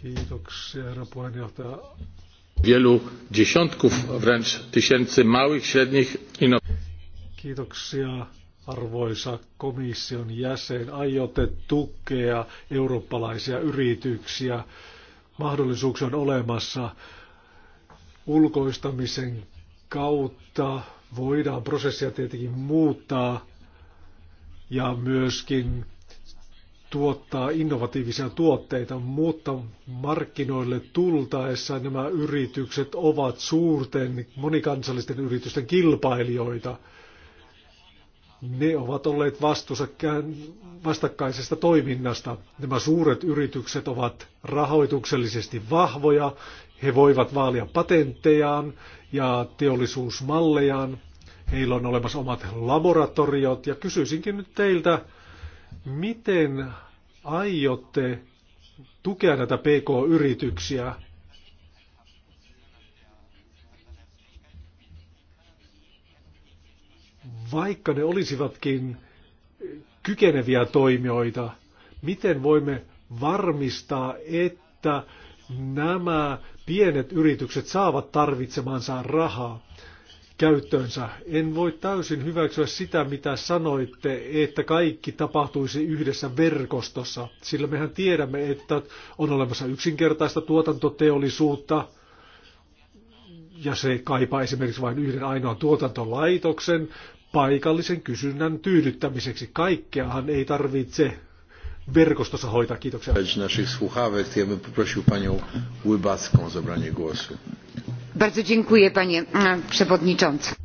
Kiitoksia, herra puheenjohtaja. Wielu dziesiątków, wręcz tysięcy małych, średnich innowacji. Kiitoksia, arvoisa komission jäsen. Aiotte tukea eurooppalaisia yrityksiä. Mahdollisuuksia on olemassa ulkoistamisen kautta voidaan prosessia tietenkin muuttaa ja myöskin tuottaa innovatiivisia tuotteita, mutta markkinoille tultaessa nämä yritykset ovat suurten monikansallisten yritysten kilpailijoita. Ne ovat olleet vastuussa vastakkaisesta toiminnasta. Nämä suuret yritykset ovat rahoituksellisesti vahvoja he voivat vaalia patenttejaan ja teollisuusmallejaan. Heillä on olemassa omat laboratoriot ja kysyisinkin nyt teiltä, miten aiotte tukea näitä PK-yrityksiä vaikka ne olisivatkin kykeneviä toimijoita, miten voimme varmistaa, että nämä pienet yritykset saavat tarvitsemansa rahaa käyttöönsä. En voi täysin hyväksyä sitä, mitä sanoitte, että kaikki tapahtuisi yhdessä verkostossa, sillä mehän tiedämme, että on olemassa yksinkertaista tuotantoteollisuutta, ja se kaipaa esimerkiksi vain yhden ainoan tuotantolaitoksen paikallisen kysynnän tyydyttämiseksi. Kaikkeahan ei tarvitse verkostossa hoitaa. Kiitoksia. naszych słuchawek, ja bym poprosił panią Łybacką o zabranie głosu. Bardzo dziękuję panie e, przewodniczący.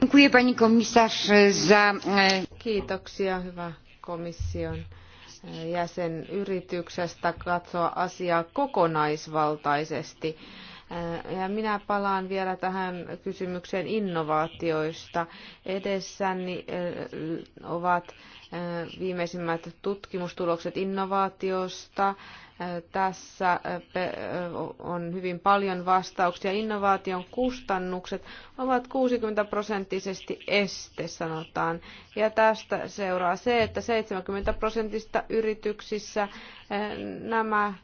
Dziękuję pani komisarz e, za... E, Kiitoksia, hyvä komission jäsen yrityksestä katsoa asiaa kokonaisvaltaisesti ja minä palaan vielä tähän kysymykseen innovaatioista. Edessäni ovat viimeisimmät tutkimustulokset innovaatiosta. Tässä on hyvin paljon vastauksia. Innovaation kustannukset ovat 60 prosenttisesti este, sanotaan. Ja tästä seuraa se, että 70 prosentista yrityksissä nämä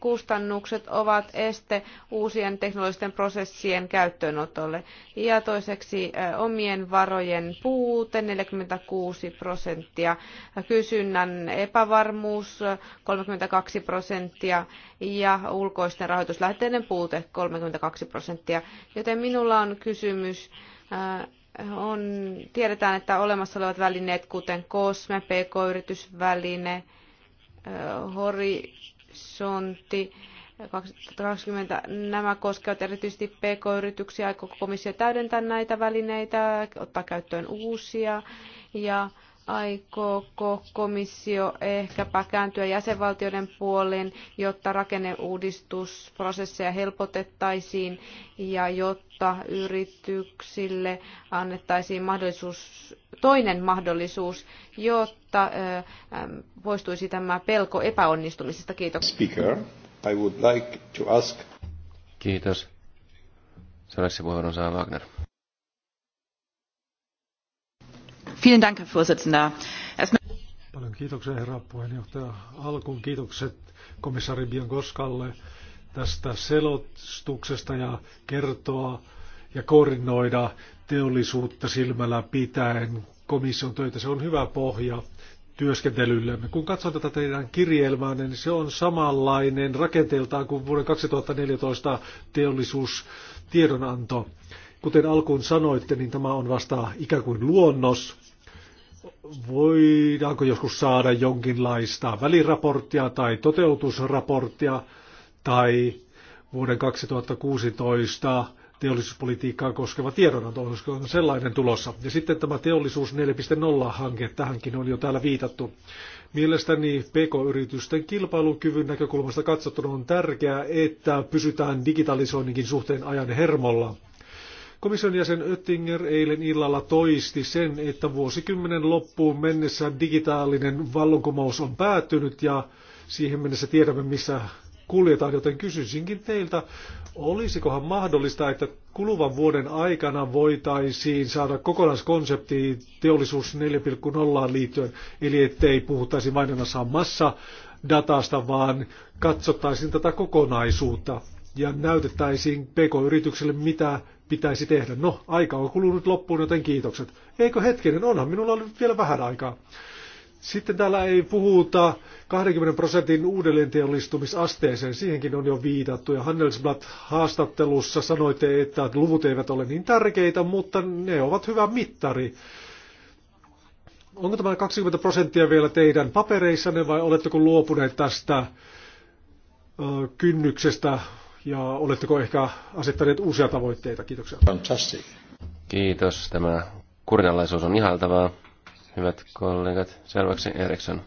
kustannukset ovat este uusien teknologisten prosessien käyttöönotolle. Ja toiseksi eh, omien varojen puute 46 prosenttia, kysynnän epävarmuus 32 prosenttia ja ulkoisten rahoituslähteiden puute 32 prosenttia. Joten minulla on kysymys eh, on, tiedetään, että olemassa olevat välineet, kuten COSME, PK-yritysväline, eh, Hori, horisontti 2020. Nämä koskevat erityisesti PK-yrityksiä. Aikooko komissio täydentää näitä välineitä, ottaa käyttöön uusia? Ja Aikooko komissio ehkäpä kääntyä jäsenvaltioiden puoleen, jotta rakenneuudistusprosesseja helpotettaisiin ja jotta yrityksille annettaisiin mahdollisuus, toinen mahdollisuus, jotta poistuisi tämä pelko epäonnistumisesta? Kiitoksia. Speaker, I would like to ask... Kiitos. Seuraavaksi puheenvuoron saa Wagner. Herr Paljon kiitoksia, herra puheenjohtaja. Alkuun kiitokset komissaari Biankoskalle tästä selostuksesta ja kertoa ja koordinoida teollisuutta silmällä pitäen komission töitä. Se on hyvä pohja työskentelyllemme. Kun katsoo tätä teidän kirjelmäänne, niin se on samanlainen rakenteeltaan kuin vuoden 2014 teollisuustiedonanto. Kuten alkuun sanoitte, niin tämä on vasta ikään kuin luonnos voidaanko joskus saada jonkinlaista väliraporttia tai toteutusraporttia tai vuoden 2016 teollisuuspolitiikkaa koskeva tiedonanto, on sellainen tulossa. Ja sitten tämä teollisuus 4.0-hanke, tähänkin on jo täällä viitattu. Mielestäni PK-yritysten kilpailukyvyn näkökulmasta katsottuna on tärkeää, että pysytään digitalisoinninkin suhteen ajan hermolla. Komission jäsen Oettinger eilen illalla toisti sen, että vuosikymmenen loppuun mennessä digitaalinen vallankumous on päättynyt ja siihen mennessä tiedämme, missä kuljetaan, joten kysyisinkin teiltä, olisikohan mahdollista, että kuluvan vuoden aikana voitaisiin saada kokonaiskonsepti teollisuus 4.0 liittyen, eli ettei puhuttaisi vain ainoastaan massa datasta, vaan katsottaisiin tätä kokonaisuutta ja näytettäisiin pk-yritykselle, mitä pitäisi tehdä. No, aika on kulunut loppuun, joten kiitokset. Eikö hetkinen, onhan minulla nyt vielä vähän aikaa. Sitten täällä ei puhuta 20 prosentin uudelleenteollistumisasteeseen, siihenkin on jo viitattu. Ja Handelsblatt haastattelussa sanoitte, että luvut eivät ole niin tärkeitä, mutta ne ovat hyvä mittari. Onko tämä 20 prosenttia vielä teidän papereissanne vai oletteko luopuneet tästä kynnyksestä ja oletteko ehkä asettaneet uusia tavoitteita? Kiitoksia. Fantastic. Kiitos. Tämä kurinalaisuus on ihaltavaa. Hyvät kollegat, selväksi Eriksson.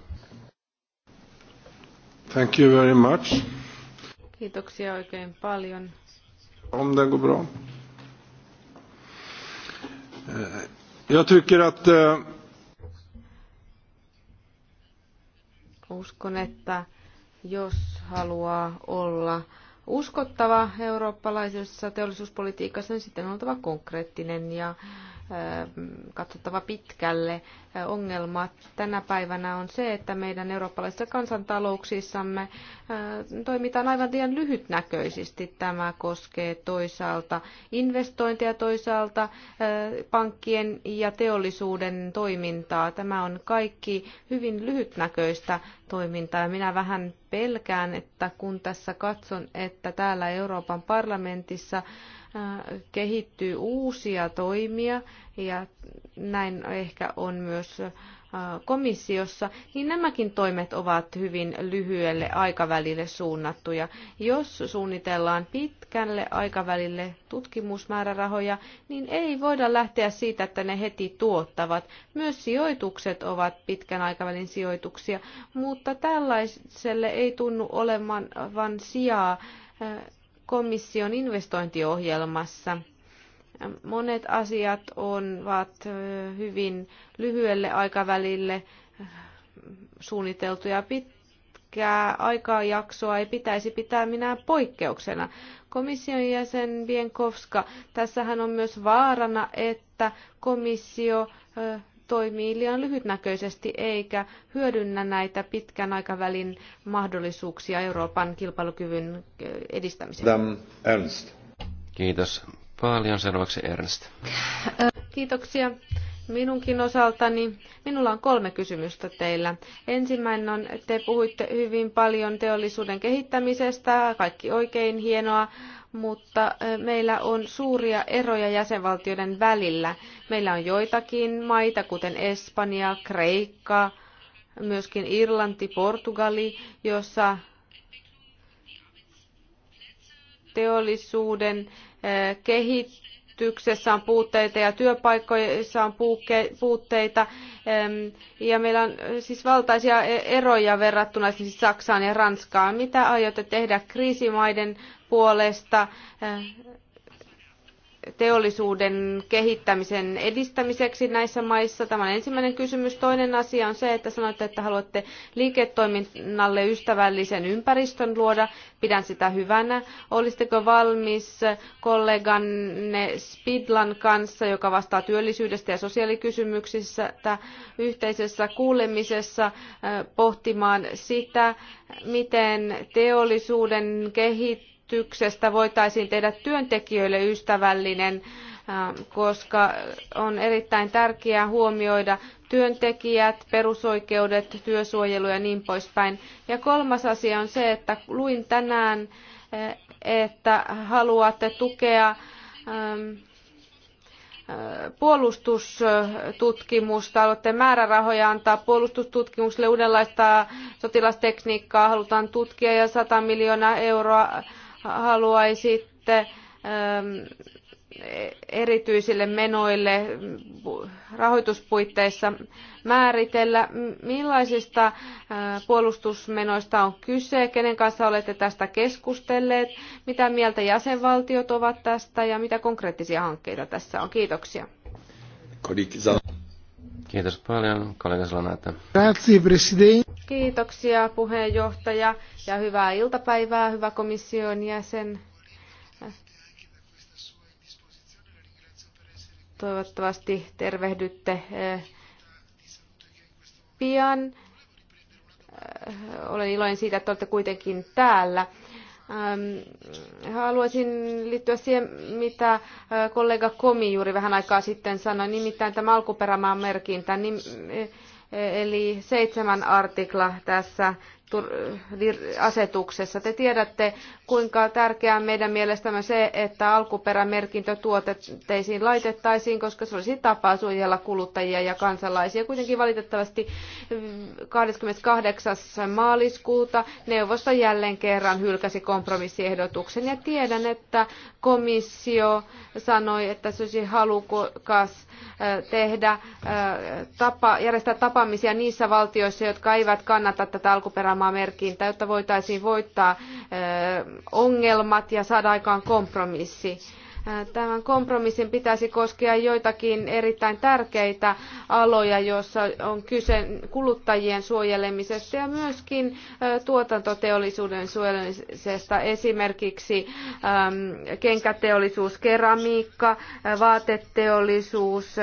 Thank you very much. Kiitoksia oikein paljon. Om det går bra. Eh, jag tycker att... Eh, Uskon, että jos haluaa olla uskottava eurooppalaisessa teollisuuspolitiikassa, niin sitten on oltava konkreettinen ja katsottava pitkälle. Ongelma tänä päivänä on se, että meidän eurooppalaisissa kansantalouksissamme toimitaan aivan liian lyhytnäköisesti. Tämä koskee toisaalta investointeja, toisaalta pankkien ja teollisuuden toimintaa. Tämä on kaikki hyvin lyhytnäköistä toimintaa. Minä vähän pelkään, että kun tässä katson, että täällä Euroopan parlamentissa kehittyy uusia toimia ja näin ehkä on myös komissiossa, niin nämäkin toimet ovat hyvin lyhyelle aikavälille suunnattuja. Jos suunnitellaan pitkälle aikavälille tutkimusmäärärahoja, niin ei voida lähteä siitä, että ne heti tuottavat. Myös sijoitukset ovat pitkän aikavälin sijoituksia, mutta tällaiselle ei tunnu olevan sijaa komission investointiohjelmassa. Monet asiat ovat hyvin lyhyelle aikavälille suunniteltuja pitkää aikajaksoa ei pitäisi pitää minä poikkeuksena. Komission jäsen Bienkowska, tässähän on myös vaarana, että komissio toimii liian lyhytnäköisesti eikä hyödynnä näitä pitkän aikavälin mahdollisuuksia Euroopan kilpailukyvyn edistämiseen. Ernst. Kiitos paljon. Seuraavaksi Ernst. Kiitoksia minunkin osaltani. Minulla on kolme kysymystä teillä. Ensimmäinen on, te puhuitte hyvin paljon teollisuuden kehittämisestä, kaikki oikein hienoa, mutta meillä on suuria eroja jäsenvaltioiden välillä. Meillä on joitakin maita, kuten Espanja, Kreikka, myöskin Irlanti, Portugali, jossa teollisuuden kehittäminen koulutuksessa on puutteita ja työpaikoissa on puutteita. Ja meillä on siis valtaisia e- eroja verrattuna siis Saksaan ja Ranskaan. Mitä aiotte tehdä kriisimaiden puolesta? teollisuuden kehittämisen edistämiseksi näissä maissa? Tämä on ensimmäinen kysymys. Toinen asia on se, että sanoitte, että haluatte liiketoiminnalle ystävällisen ympäristön luoda. Pidän sitä hyvänä. Olisitteko valmis kolleganne Spidlan kanssa, joka vastaa työllisyydestä ja sosiaalikysymyksissä, yhteisessä kuulemisessa äh, pohtimaan sitä, miten teollisuuden kehittäminen yrityksestä voitaisiin tehdä työntekijöille ystävällinen, ähm, koska on erittäin tärkeää huomioida työntekijät, perusoikeudet, työsuojelu ja niin poispäin. Ja kolmas asia on se, että luin tänään, äh, että haluatte tukea ähm, äh, puolustustutkimusta, olette määrärahoja antaa puolustustutkimukselle, uudenlaista sotilastekniikkaa halutaan tutkia ja 100 miljoonaa euroa haluaisitte ähm, erityisille menoille rahoituspuitteissa määritellä. Millaisista äh, puolustusmenoista on kyse? Kenen kanssa olette tästä keskustelleet? Mitä mieltä jäsenvaltiot ovat tästä ja mitä konkreettisia hankkeita tässä on? Kiitoksia. Kiitos paljon, kollega Salonaita. Kiitoksia puheenjohtaja ja hyvää iltapäivää, hyvä komission jäsen. Toivottavasti tervehdytte eh, pian. Eh, olen iloinen siitä, että olette kuitenkin täällä. Ähm, haluaisin liittyä siihen, mitä äh, kollega Komi juuri vähän aikaa sitten sanoi, nimittäin tämä alkuperämaan merkintä, e- e- eli seitsemän artikla tässä asetuksessa. Te tiedätte, kuinka tärkeää meidän mielestämme se, että alkuperämerkintö tuotteisiin laitettaisiin, koska se olisi tapa suojella kuluttajia ja kansalaisia. Kuitenkin valitettavasti 28. Mm, maaliskuuta neuvosto jälleen kerran hylkäsi kompromissiehdotuksen ja tiedän, että komissio sanoi, että se olisi halukas tehdä, tapa, järjestää tapaamisia niissä valtioissa, jotka eivät kannata tätä alkuperämaa pääomamerkintä, jotta voitaisiin voittaa ongelmat ja saada aikaan kompromissi. Tämän kompromissin pitäisi koskea joitakin erittäin tärkeitä aloja, joissa on kyse kuluttajien suojelemisesta ja myöskin tuotantoteollisuuden suojelemisesta, esimerkiksi kenkäteollisuus, keramiikka, vaateteollisuus,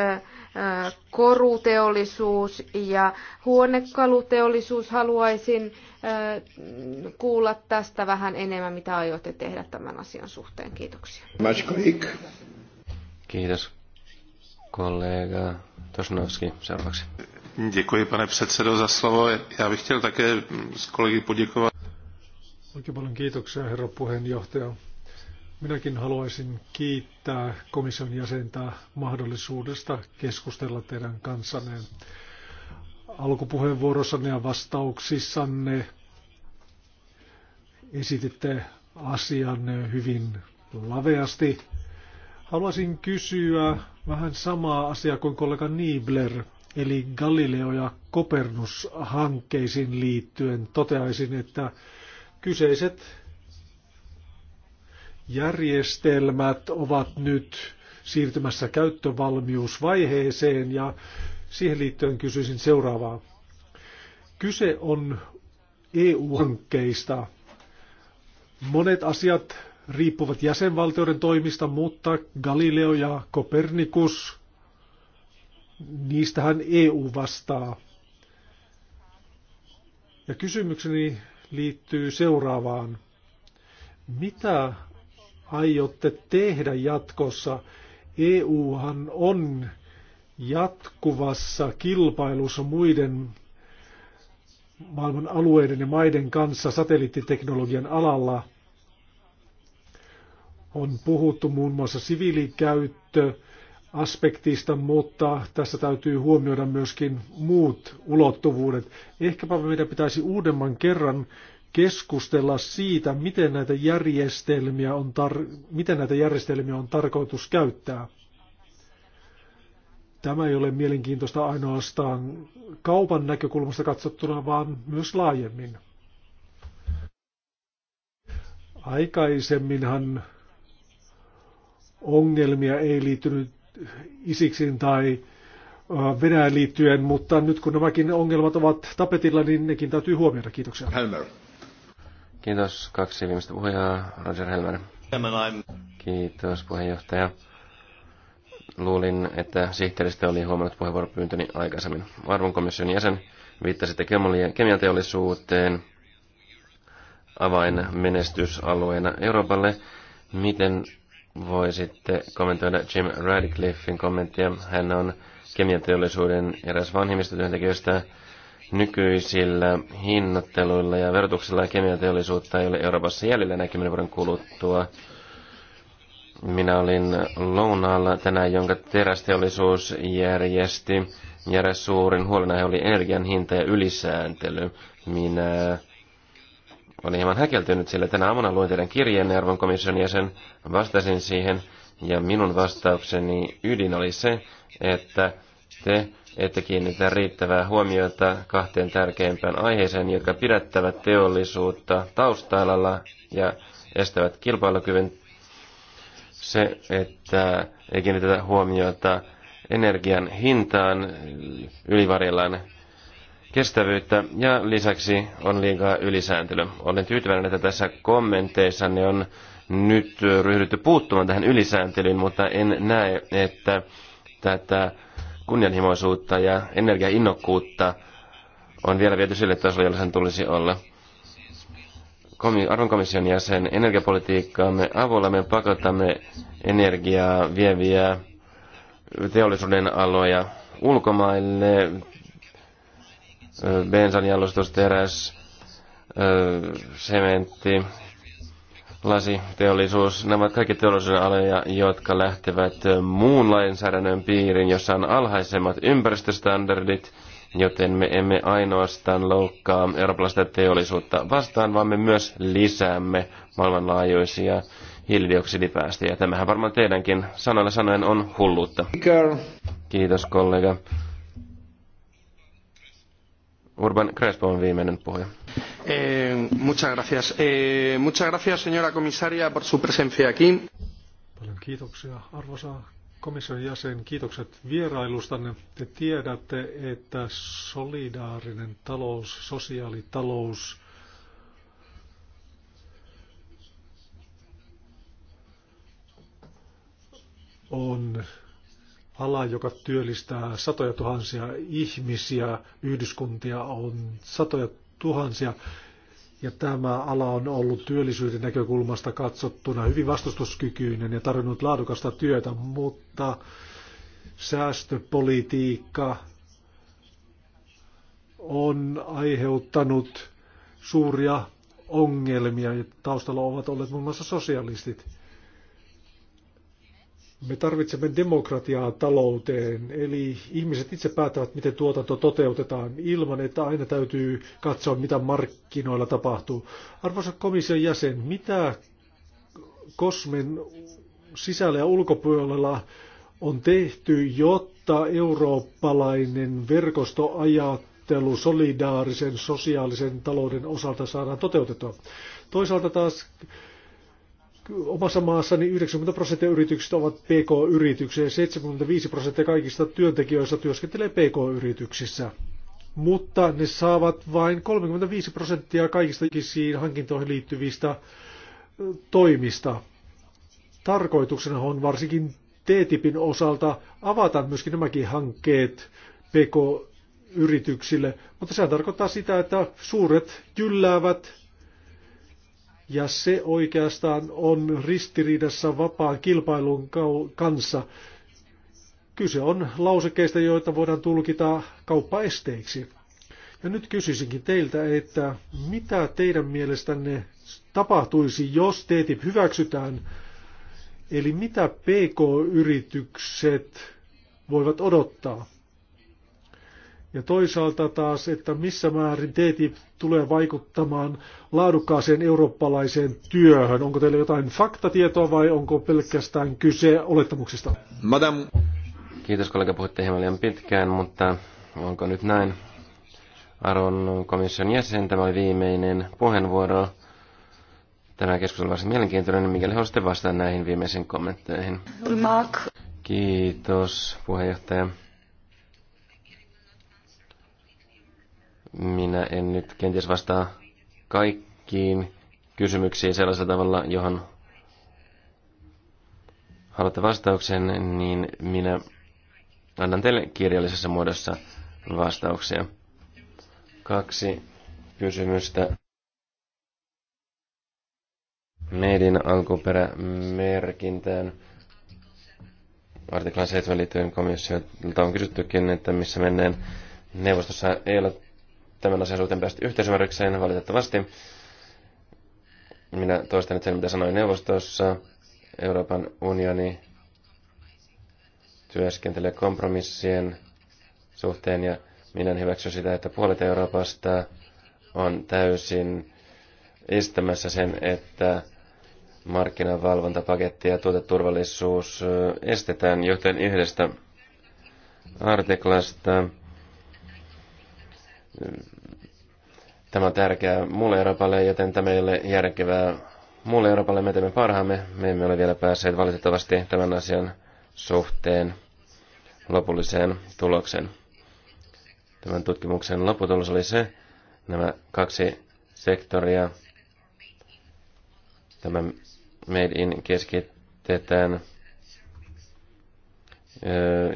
koruteollisuus ja huonekaluteollisuus haluaisin kuulla tästä vähän enemmän, mitä aiotte tehdä tämän asian suhteen. Kiitoksia. Kiitos. Kollega Tosnovski, seuraavaksi. Děkuji, pane předsedo, za slovo. Já bych chtěl také s kolegy poděkovat. Oikein paljon kiitoksia, herra puheenjohtaja. Minäkin haluaisin kiittää komission jäsentä mahdollisuudesta keskustella teidän kanssanne alkupuheenvuorossanne ja vastauksissanne esititte asian hyvin laveasti. Haluaisin kysyä vähän samaa asiaa kuin kollega Niebler, eli Galileo- ja Kopernus-hankkeisiin liittyen toteaisin, että kyseiset järjestelmät ovat nyt siirtymässä käyttövalmiusvaiheeseen ja Siihen liittyen kysyisin seuraavaa. Kyse on EU-hankkeista. Monet asiat riippuvat jäsenvaltioiden toimista, mutta Galileo ja Kopernikus, niistähän EU vastaa. Ja kysymykseni liittyy seuraavaan. Mitä aiotte tehdä jatkossa? EUhan on jatkuvassa kilpailussa muiden maailman alueiden ja maiden kanssa satelliittiteknologian alalla on puhuttu muun muassa siviilikäyttö aspektista, mutta tässä täytyy huomioida myöskin muut ulottuvuudet. Ehkäpä meidän pitäisi uudemman kerran keskustella siitä, miten näitä järjestelmiä on, tar- miten näitä järjestelmiä on tarkoitus käyttää. Tämä ei ole mielenkiintoista ainoastaan kaupan näkökulmasta katsottuna, vaan myös laajemmin. Aikaisemminhan ongelmia ei liittynyt isiksin tai Venäjän liittyen, mutta nyt kun nämäkin ongelmat ovat tapetilla, niin nekin täytyy huomioida. Kiitoksia. Helmer. Kiitos. Kaksi viimeistä puhujaa. Roger Helmer. Kiitos puheenjohtaja. Luulin, että sihteeristä oli huomannut puheenvuoropyyntöni aikaisemmin. Arvonkomission jäsen viittasitte kemianteollisuuteen menestysalueena Euroopalle. Miten voisitte kommentoida Jim Radcliffein kommenttia? Hän on kemianteollisuuden eräs vanhimmista työntekijöistä. Nykyisillä hinnoitteluilla ja verotuksella kemianteollisuutta ei ole Euroopassa jäljellä näkymän vuoden kuluttua minä olin lounaalla tänään, jonka terästeollisuus järjesti. Järä suurin huolenaihe oli energian hinta ja ylisääntely. Minä olin hieman häkeltynyt, sillä tänä aamuna luin teidän kirjeen arvon komission jäsen, vastasin siihen, ja minun vastaukseni ydin oli se, että te ette kiinnitä riittävää huomiota kahteen tärkeimpään aiheeseen, jotka pidättävät teollisuutta taustailalla ja estävät kilpailukyvyn se, että ei kiinnitetä huomiota energian hintaan ylivarjellaan kestävyyttä ja lisäksi on liikaa ylisääntelyä. Olen tyytyväinen, että tässä kommenteissa ne on nyt ryhdytty puuttumaan tähän ylisääntelyyn, mutta en näe, että tätä kunnianhimoisuutta ja energiainnokkuutta on vielä viety sille tasolle, jolla sen tulisi olla arvon komission jäsen, energiapolitiikkaamme avulla me pakotamme energiaa vieviä teollisuuden aloja ulkomaille, bensan jalostus, teräs, sementti, lasiteollisuus, nämä ovat kaikki teollisuuden aloja, jotka lähtevät muun lainsäädännön piirin, jossa on alhaisemmat ympäristöstandardit, joten me emme ainoastaan loukkaa eurooppalaista teollisuutta vastaan, vaan me myös lisäämme maailmanlaajuisia hiilidioksidipäästöjä. Tämähän varmaan teidänkin sanoilla sanoen on hulluutta. Kiitos kollega. Urban Crespo on viimeinen puhuja. Eh, muchas gracias. Eh, muchas gracias, señora comisaria, por su presencia aquí. Paljon kiitoksia, arvoisa Komission jäsen, kiitokset vierailustanne. Te tiedätte, että solidaarinen talous, sosiaalitalous, on ala, joka työllistää satoja tuhansia ihmisiä, yhdyskuntia on satoja tuhansia ja tämä ala on ollut työllisyyden näkökulmasta katsottuna hyvin vastustuskykyinen ja tarjonnut laadukasta työtä, mutta säästöpolitiikka on aiheuttanut suuria ongelmia ja taustalla ovat olleet muun muassa sosialistit. Me tarvitsemme demokratiaa talouteen, eli ihmiset itse päättävät, miten tuotanto toteutetaan, ilman että aina täytyy katsoa, mitä markkinoilla tapahtuu. Arvoisa komission jäsen, mitä kosmen sisällä ja ulkopuolella on tehty, jotta eurooppalainen verkostoajattelu solidaarisen sosiaalisen talouden osalta saadaan toteutettua? Toisaalta taas omassa maassani 90 prosenttia yrityksistä ovat PK-yrityksiä ja 75 prosenttia kaikista työntekijöistä työskentelee PK-yrityksissä. Mutta ne saavat vain 35 prosenttia kaikista hankintoihin liittyvistä toimista. Tarkoituksena on varsinkin TTIPin osalta avata myöskin nämäkin hankkeet PK-yrityksille, mutta sehän tarkoittaa sitä, että suuret jylläävät ja se oikeastaan on ristiriidassa vapaan kilpailun kanssa. Kyse on lausekkeista, joita voidaan tulkita kauppaesteiksi. Ja nyt kysyisinkin teiltä, että mitä teidän mielestänne tapahtuisi, jos TTIP hyväksytään? Eli mitä PK-yritykset voivat odottaa? Ja toisaalta taas, että missä määrin TTIP tulee vaikuttamaan laadukkaaseen eurooppalaiseen työhön. Onko teillä jotain faktatietoa vai onko pelkästään kyse olettamuksista? Madam, Kiitos kollega, puhutte hieman liian pitkään, mutta onko nyt näin? Aron komission jäsen, tämä oli viimeinen puheenvuoro. Tämä keskustelu on varsin mielenkiintoinen, mikäli haluaisitte vastata näihin viimeisiin kommentteihin. Mark. Kiitos puheenjohtaja. Minä en nyt kenties vastaa kaikkiin kysymyksiin sellaisella tavalla, johon haluatte vastauksen, niin minä annan teille kirjallisessa muodossa vastauksia. Kaksi kysymystä. Meidin alkuperämerkintään. Artiklan 7 liittyen komissiolta on kysyttykin, että missä menneen neuvostossa ei ole tämän asian suhteen päästy yhteisymmärrykseen valitettavasti. Minä toistan nyt sen, mitä sanoin neuvostossa. Euroopan unioni työskentelee kompromissien suhteen ja minä en hyväksy sitä, että puolet Euroopasta on täysin estämässä sen, että markkinavalvontapaketti ja tuoteturvallisuus estetään, joten yhdestä artiklasta Tämä on tärkeää mulle Euroopalle, joten tämä ei ole järkevää mulle Euroopalle. Me teemme parhaamme. Me emme ole vielä päässeet valitettavasti tämän asian suhteen lopulliseen tulokseen. Tämän tutkimuksen lopputulos oli se, nämä kaksi sektoria, tämä Made in keskitetään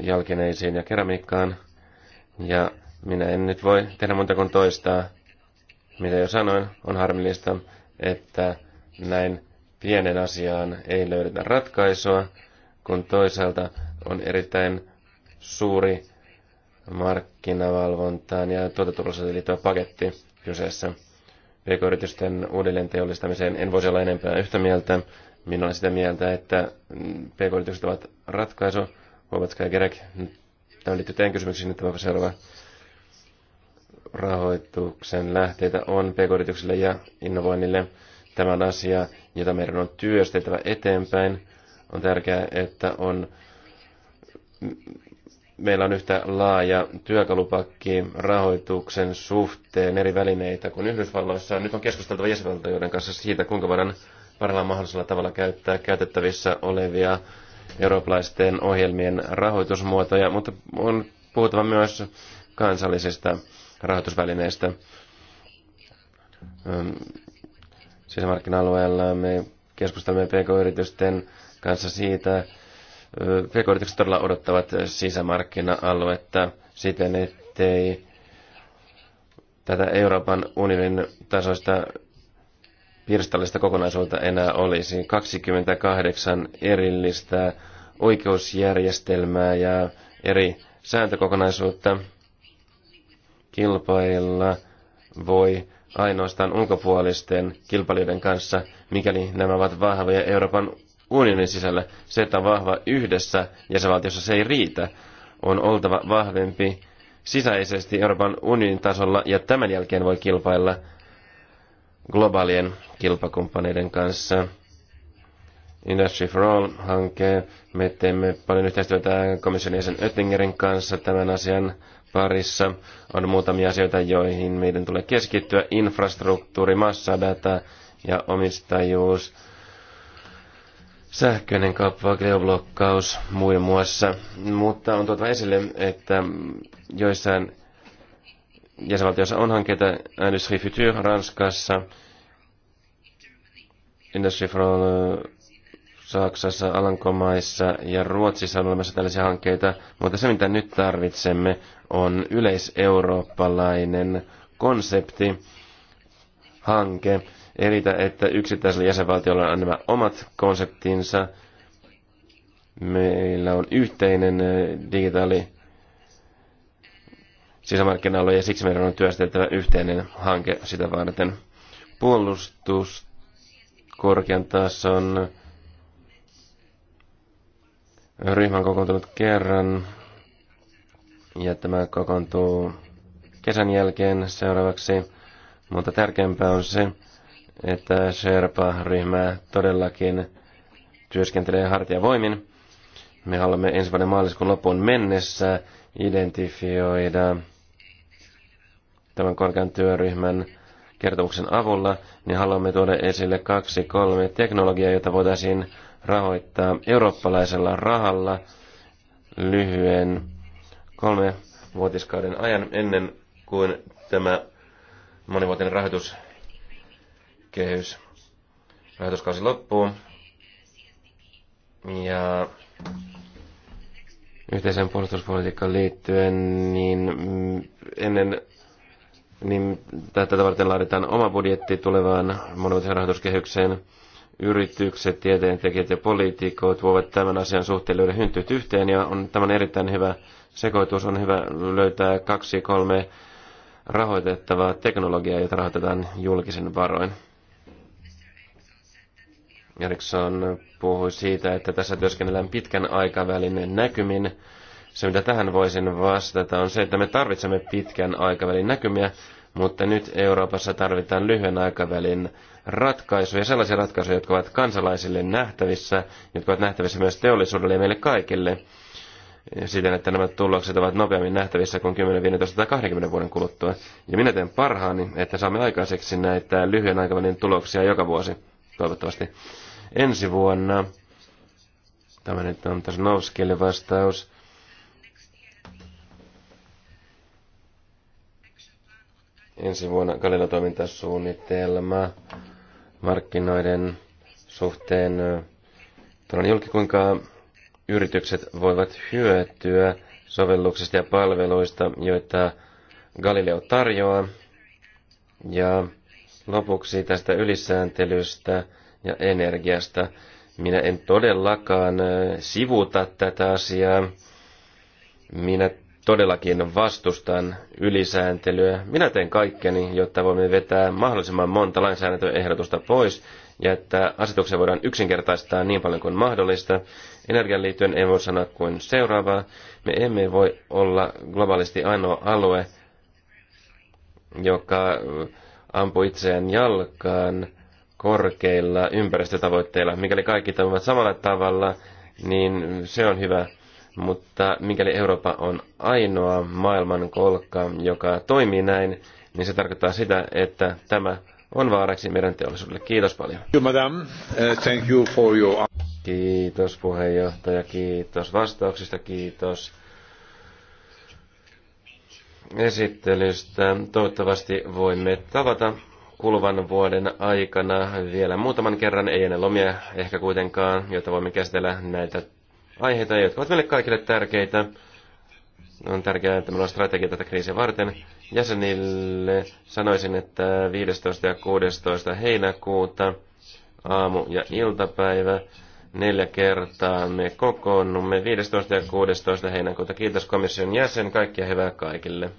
jalkineisiin ja keramiikkaan, ja minä en nyt voi tehdä muuta kuin toistaa, mitä jo sanoin. On harmillista, että näin pienen asiaan ei löydetä ratkaisua, kun toisaalta on erittäin suuri markkinavalvontaan ja tuoteturvallisuuteen liittyvä paketti kyseessä. PK-yritysten uudelleen teollistamiseen en voisi olla enempää yhtä mieltä. Minä olen sitä mieltä, että PK-yritykset ovat ratkaisu. Huovatska ja tämä liittyy teidän kysymyksiin, nyt seuraava rahoituksen lähteitä on pk ja innovoinnille. Tämä on asia, jota meidän on työstettävä eteenpäin. On tärkeää, että on, meillä on yhtä laaja työkalupakki rahoituksen suhteen eri välineitä kuin Yhdysvalloissa. Nyt on keskusteltava jäsenvaltioiden kanssa siitä, kuinka voidaan parhaalla mahdollisella tavalla käyttää käytettävissä olevia eurooppalaisten ohjelmien rahoitusmuotoja, mutta on puhuttava myös kansallisista rahoitusvälineistä. Sisämarkkina-alueella me keskustelemme pk-yritysten kanssa siitä, pk-yritykset todella odottavat sisämarkkina-aluetta siten, ettei tätä Euroopan unionin tasoista pirstallista kokonaisuutta enää olisi. 28 erillistä oikeusjärjestelmää ja eri sääntökokonaisuutta kilpailla voi ainoastaan ulkopuolisten kilpailijoiden kanssa, mikäli nämä ovat vahvoja Euroopan unionin sisällä. Se, että on vahva yhdessä jäsenvaltiossa, se ei riitä. On oltava vahvempi sisäisesti Euroopan unionin tasolla ja tämän jälkeen voi kilpailla globaalien kilpakumppaneiden kanssa. Industry for All-hanke. Me teemme paljon yhteistyötä komission jäsen Oettingerin kanssa tämän asian parissa. On muutamia asioita, joihin meidän tulee keskittyä. Infrastruktuuri, massadata ja omistajuus, sähköinen kauppa, geoblokkaus muun muassa. Mutta on tuotava esille, että joissain jäsenvaltioissa on hankkeita Industrie Future Ranskassa, Industrie äh, Saksassa, Alankomaissa ja Ruotsissa on olemassa tällaisia hankkeita, mutta se mitä nyt tarvitsemme on yleiseurooppalainen konsepti, hanke, eli että yksittäisellä jäsenvaltiolla on nämä omat konseptinsa, meillä on yhteinen digitaali sisämarkkina ja siksi meidän on työstettävä yhteinen hanke sitä varten. Puolustus korkean tason ryhmän kokoontunut kerran ja tämä kokoontuu kesän jälkeen seuraavaksi, mutta tärkeämpää on se, että Sherpa-ryhmä todellakin työskentelee hartiavoimin. Me haluamme ensi vuoden maaliskuun lopun mennessä identifioida tämän korkean työryhmän kertomuksen avulla, niin haluamme tuoda esille kaksi, kolme teknologiaa, jota voitaisiin rahoittaa eurooppalaisella rahalla lyhyen kolme vuotiskauden ajan ennen kuin tämä monivuotinen rahoituskehys, rahoituskausi loppuu. Ja yhteiseen puolustuspolitiikkaan liittyen, niin ennen niin tätä varten laaditaan oma budjetti tulevaan monivuotiseen rahoituskehykseen. Yritykset, tieteentekijät ja poliitikot voivat tämän asian suhteen löydä hyntyt yhteen ja on, tämä erittäin hyvä sekoitus on hyvä löytää kaksi kolme rahoitettavaa teknologiaa, jota rahoitetaan julkisen varoin. Eriksson puhui siitä, että tässä työskennellään pitkän aikavälin näkymin. Se, mitä tähän voisin vastata, on se, että me tarvitsemme pitkän aikavälin näkymiä, mutta nyt Euroopassa tarvitaan lyhyen aikavälin ratkaisuja, sellaisia ratkaisuja, jotka ovat kansalaisille nähtävissä, jotka ovat nähtävissä myös teollisuudelle ja meille kaikille – siten, että nämä tulokset ovat nopeammin nähtävissä kuin 10, 15 tai 20 vuoden kuluttua. Ja minä teen parhaani, että saamme aikaiseksi näitä lyhyen aikavälin tuloksia joka vuosi, toivottavasti. Ensi vuonna, tämä nyt on tässä Nouskille vastaus, ensi vuonna Galileo-toimintasuunnitelma markkinoiden suhteen. Tuon julki, kuinka yritykset voivat hyötyä sovelluksista ja palveluista, joita Galileo tarjoaa. Ja lopuksi tästä ylisääntelystä ja energiasta. Minä en todellakaan sivuta tätä asiaa. Minä todellakin vastustan ylisääntelyä. Minä teen kaikkeni, jotta voimme vetää mahdollisimman monta lainsäädäntöehdotusta pois, ja että asetuksia voidaan yksinkertaistaa niin paljon kuin mahdollista. Energian liittyen ei voi sanoa kuin seuraavaa. Me emme voi olla globaalisti ainoa alue, joka ampuu itseään jalkaan korkeilla ympäristötavoitteilla. Mikäli kaikki toimivat samalla tavalla, niin se on hyvä. Mutta mikäli Eurooppa on ainoa maailman kolkka, joka toimii näin, niin se tarkoittaa sitä, että tämä on vaaraksi meidän teollisuudelle. Kiitos paljon. Madam. Uh, thank you for your... Kiitos puheenjohtaja, kiitos vastauksista, kiitos esittelystä. Toivottavasti voimme tavata kuluvan vuoden aikana vielä muutaman kerran, ei ennen lomia ehkä kuitenkaan, jotta voimme käsitellä näitä aiheita, jotka ovat meille kaikille tärkeitä. On tärkeää, että meillä on strategia tätä kriisiä varten. Jäsenille sanoisin, että 15. ja 16. heinäkuuta aamu- ja iltapäivä neljä kertaa me kokoonnumme 15. ja 16. heinäkuuta. Kiitos komission jäsen, kaikkia hyvää kaikille.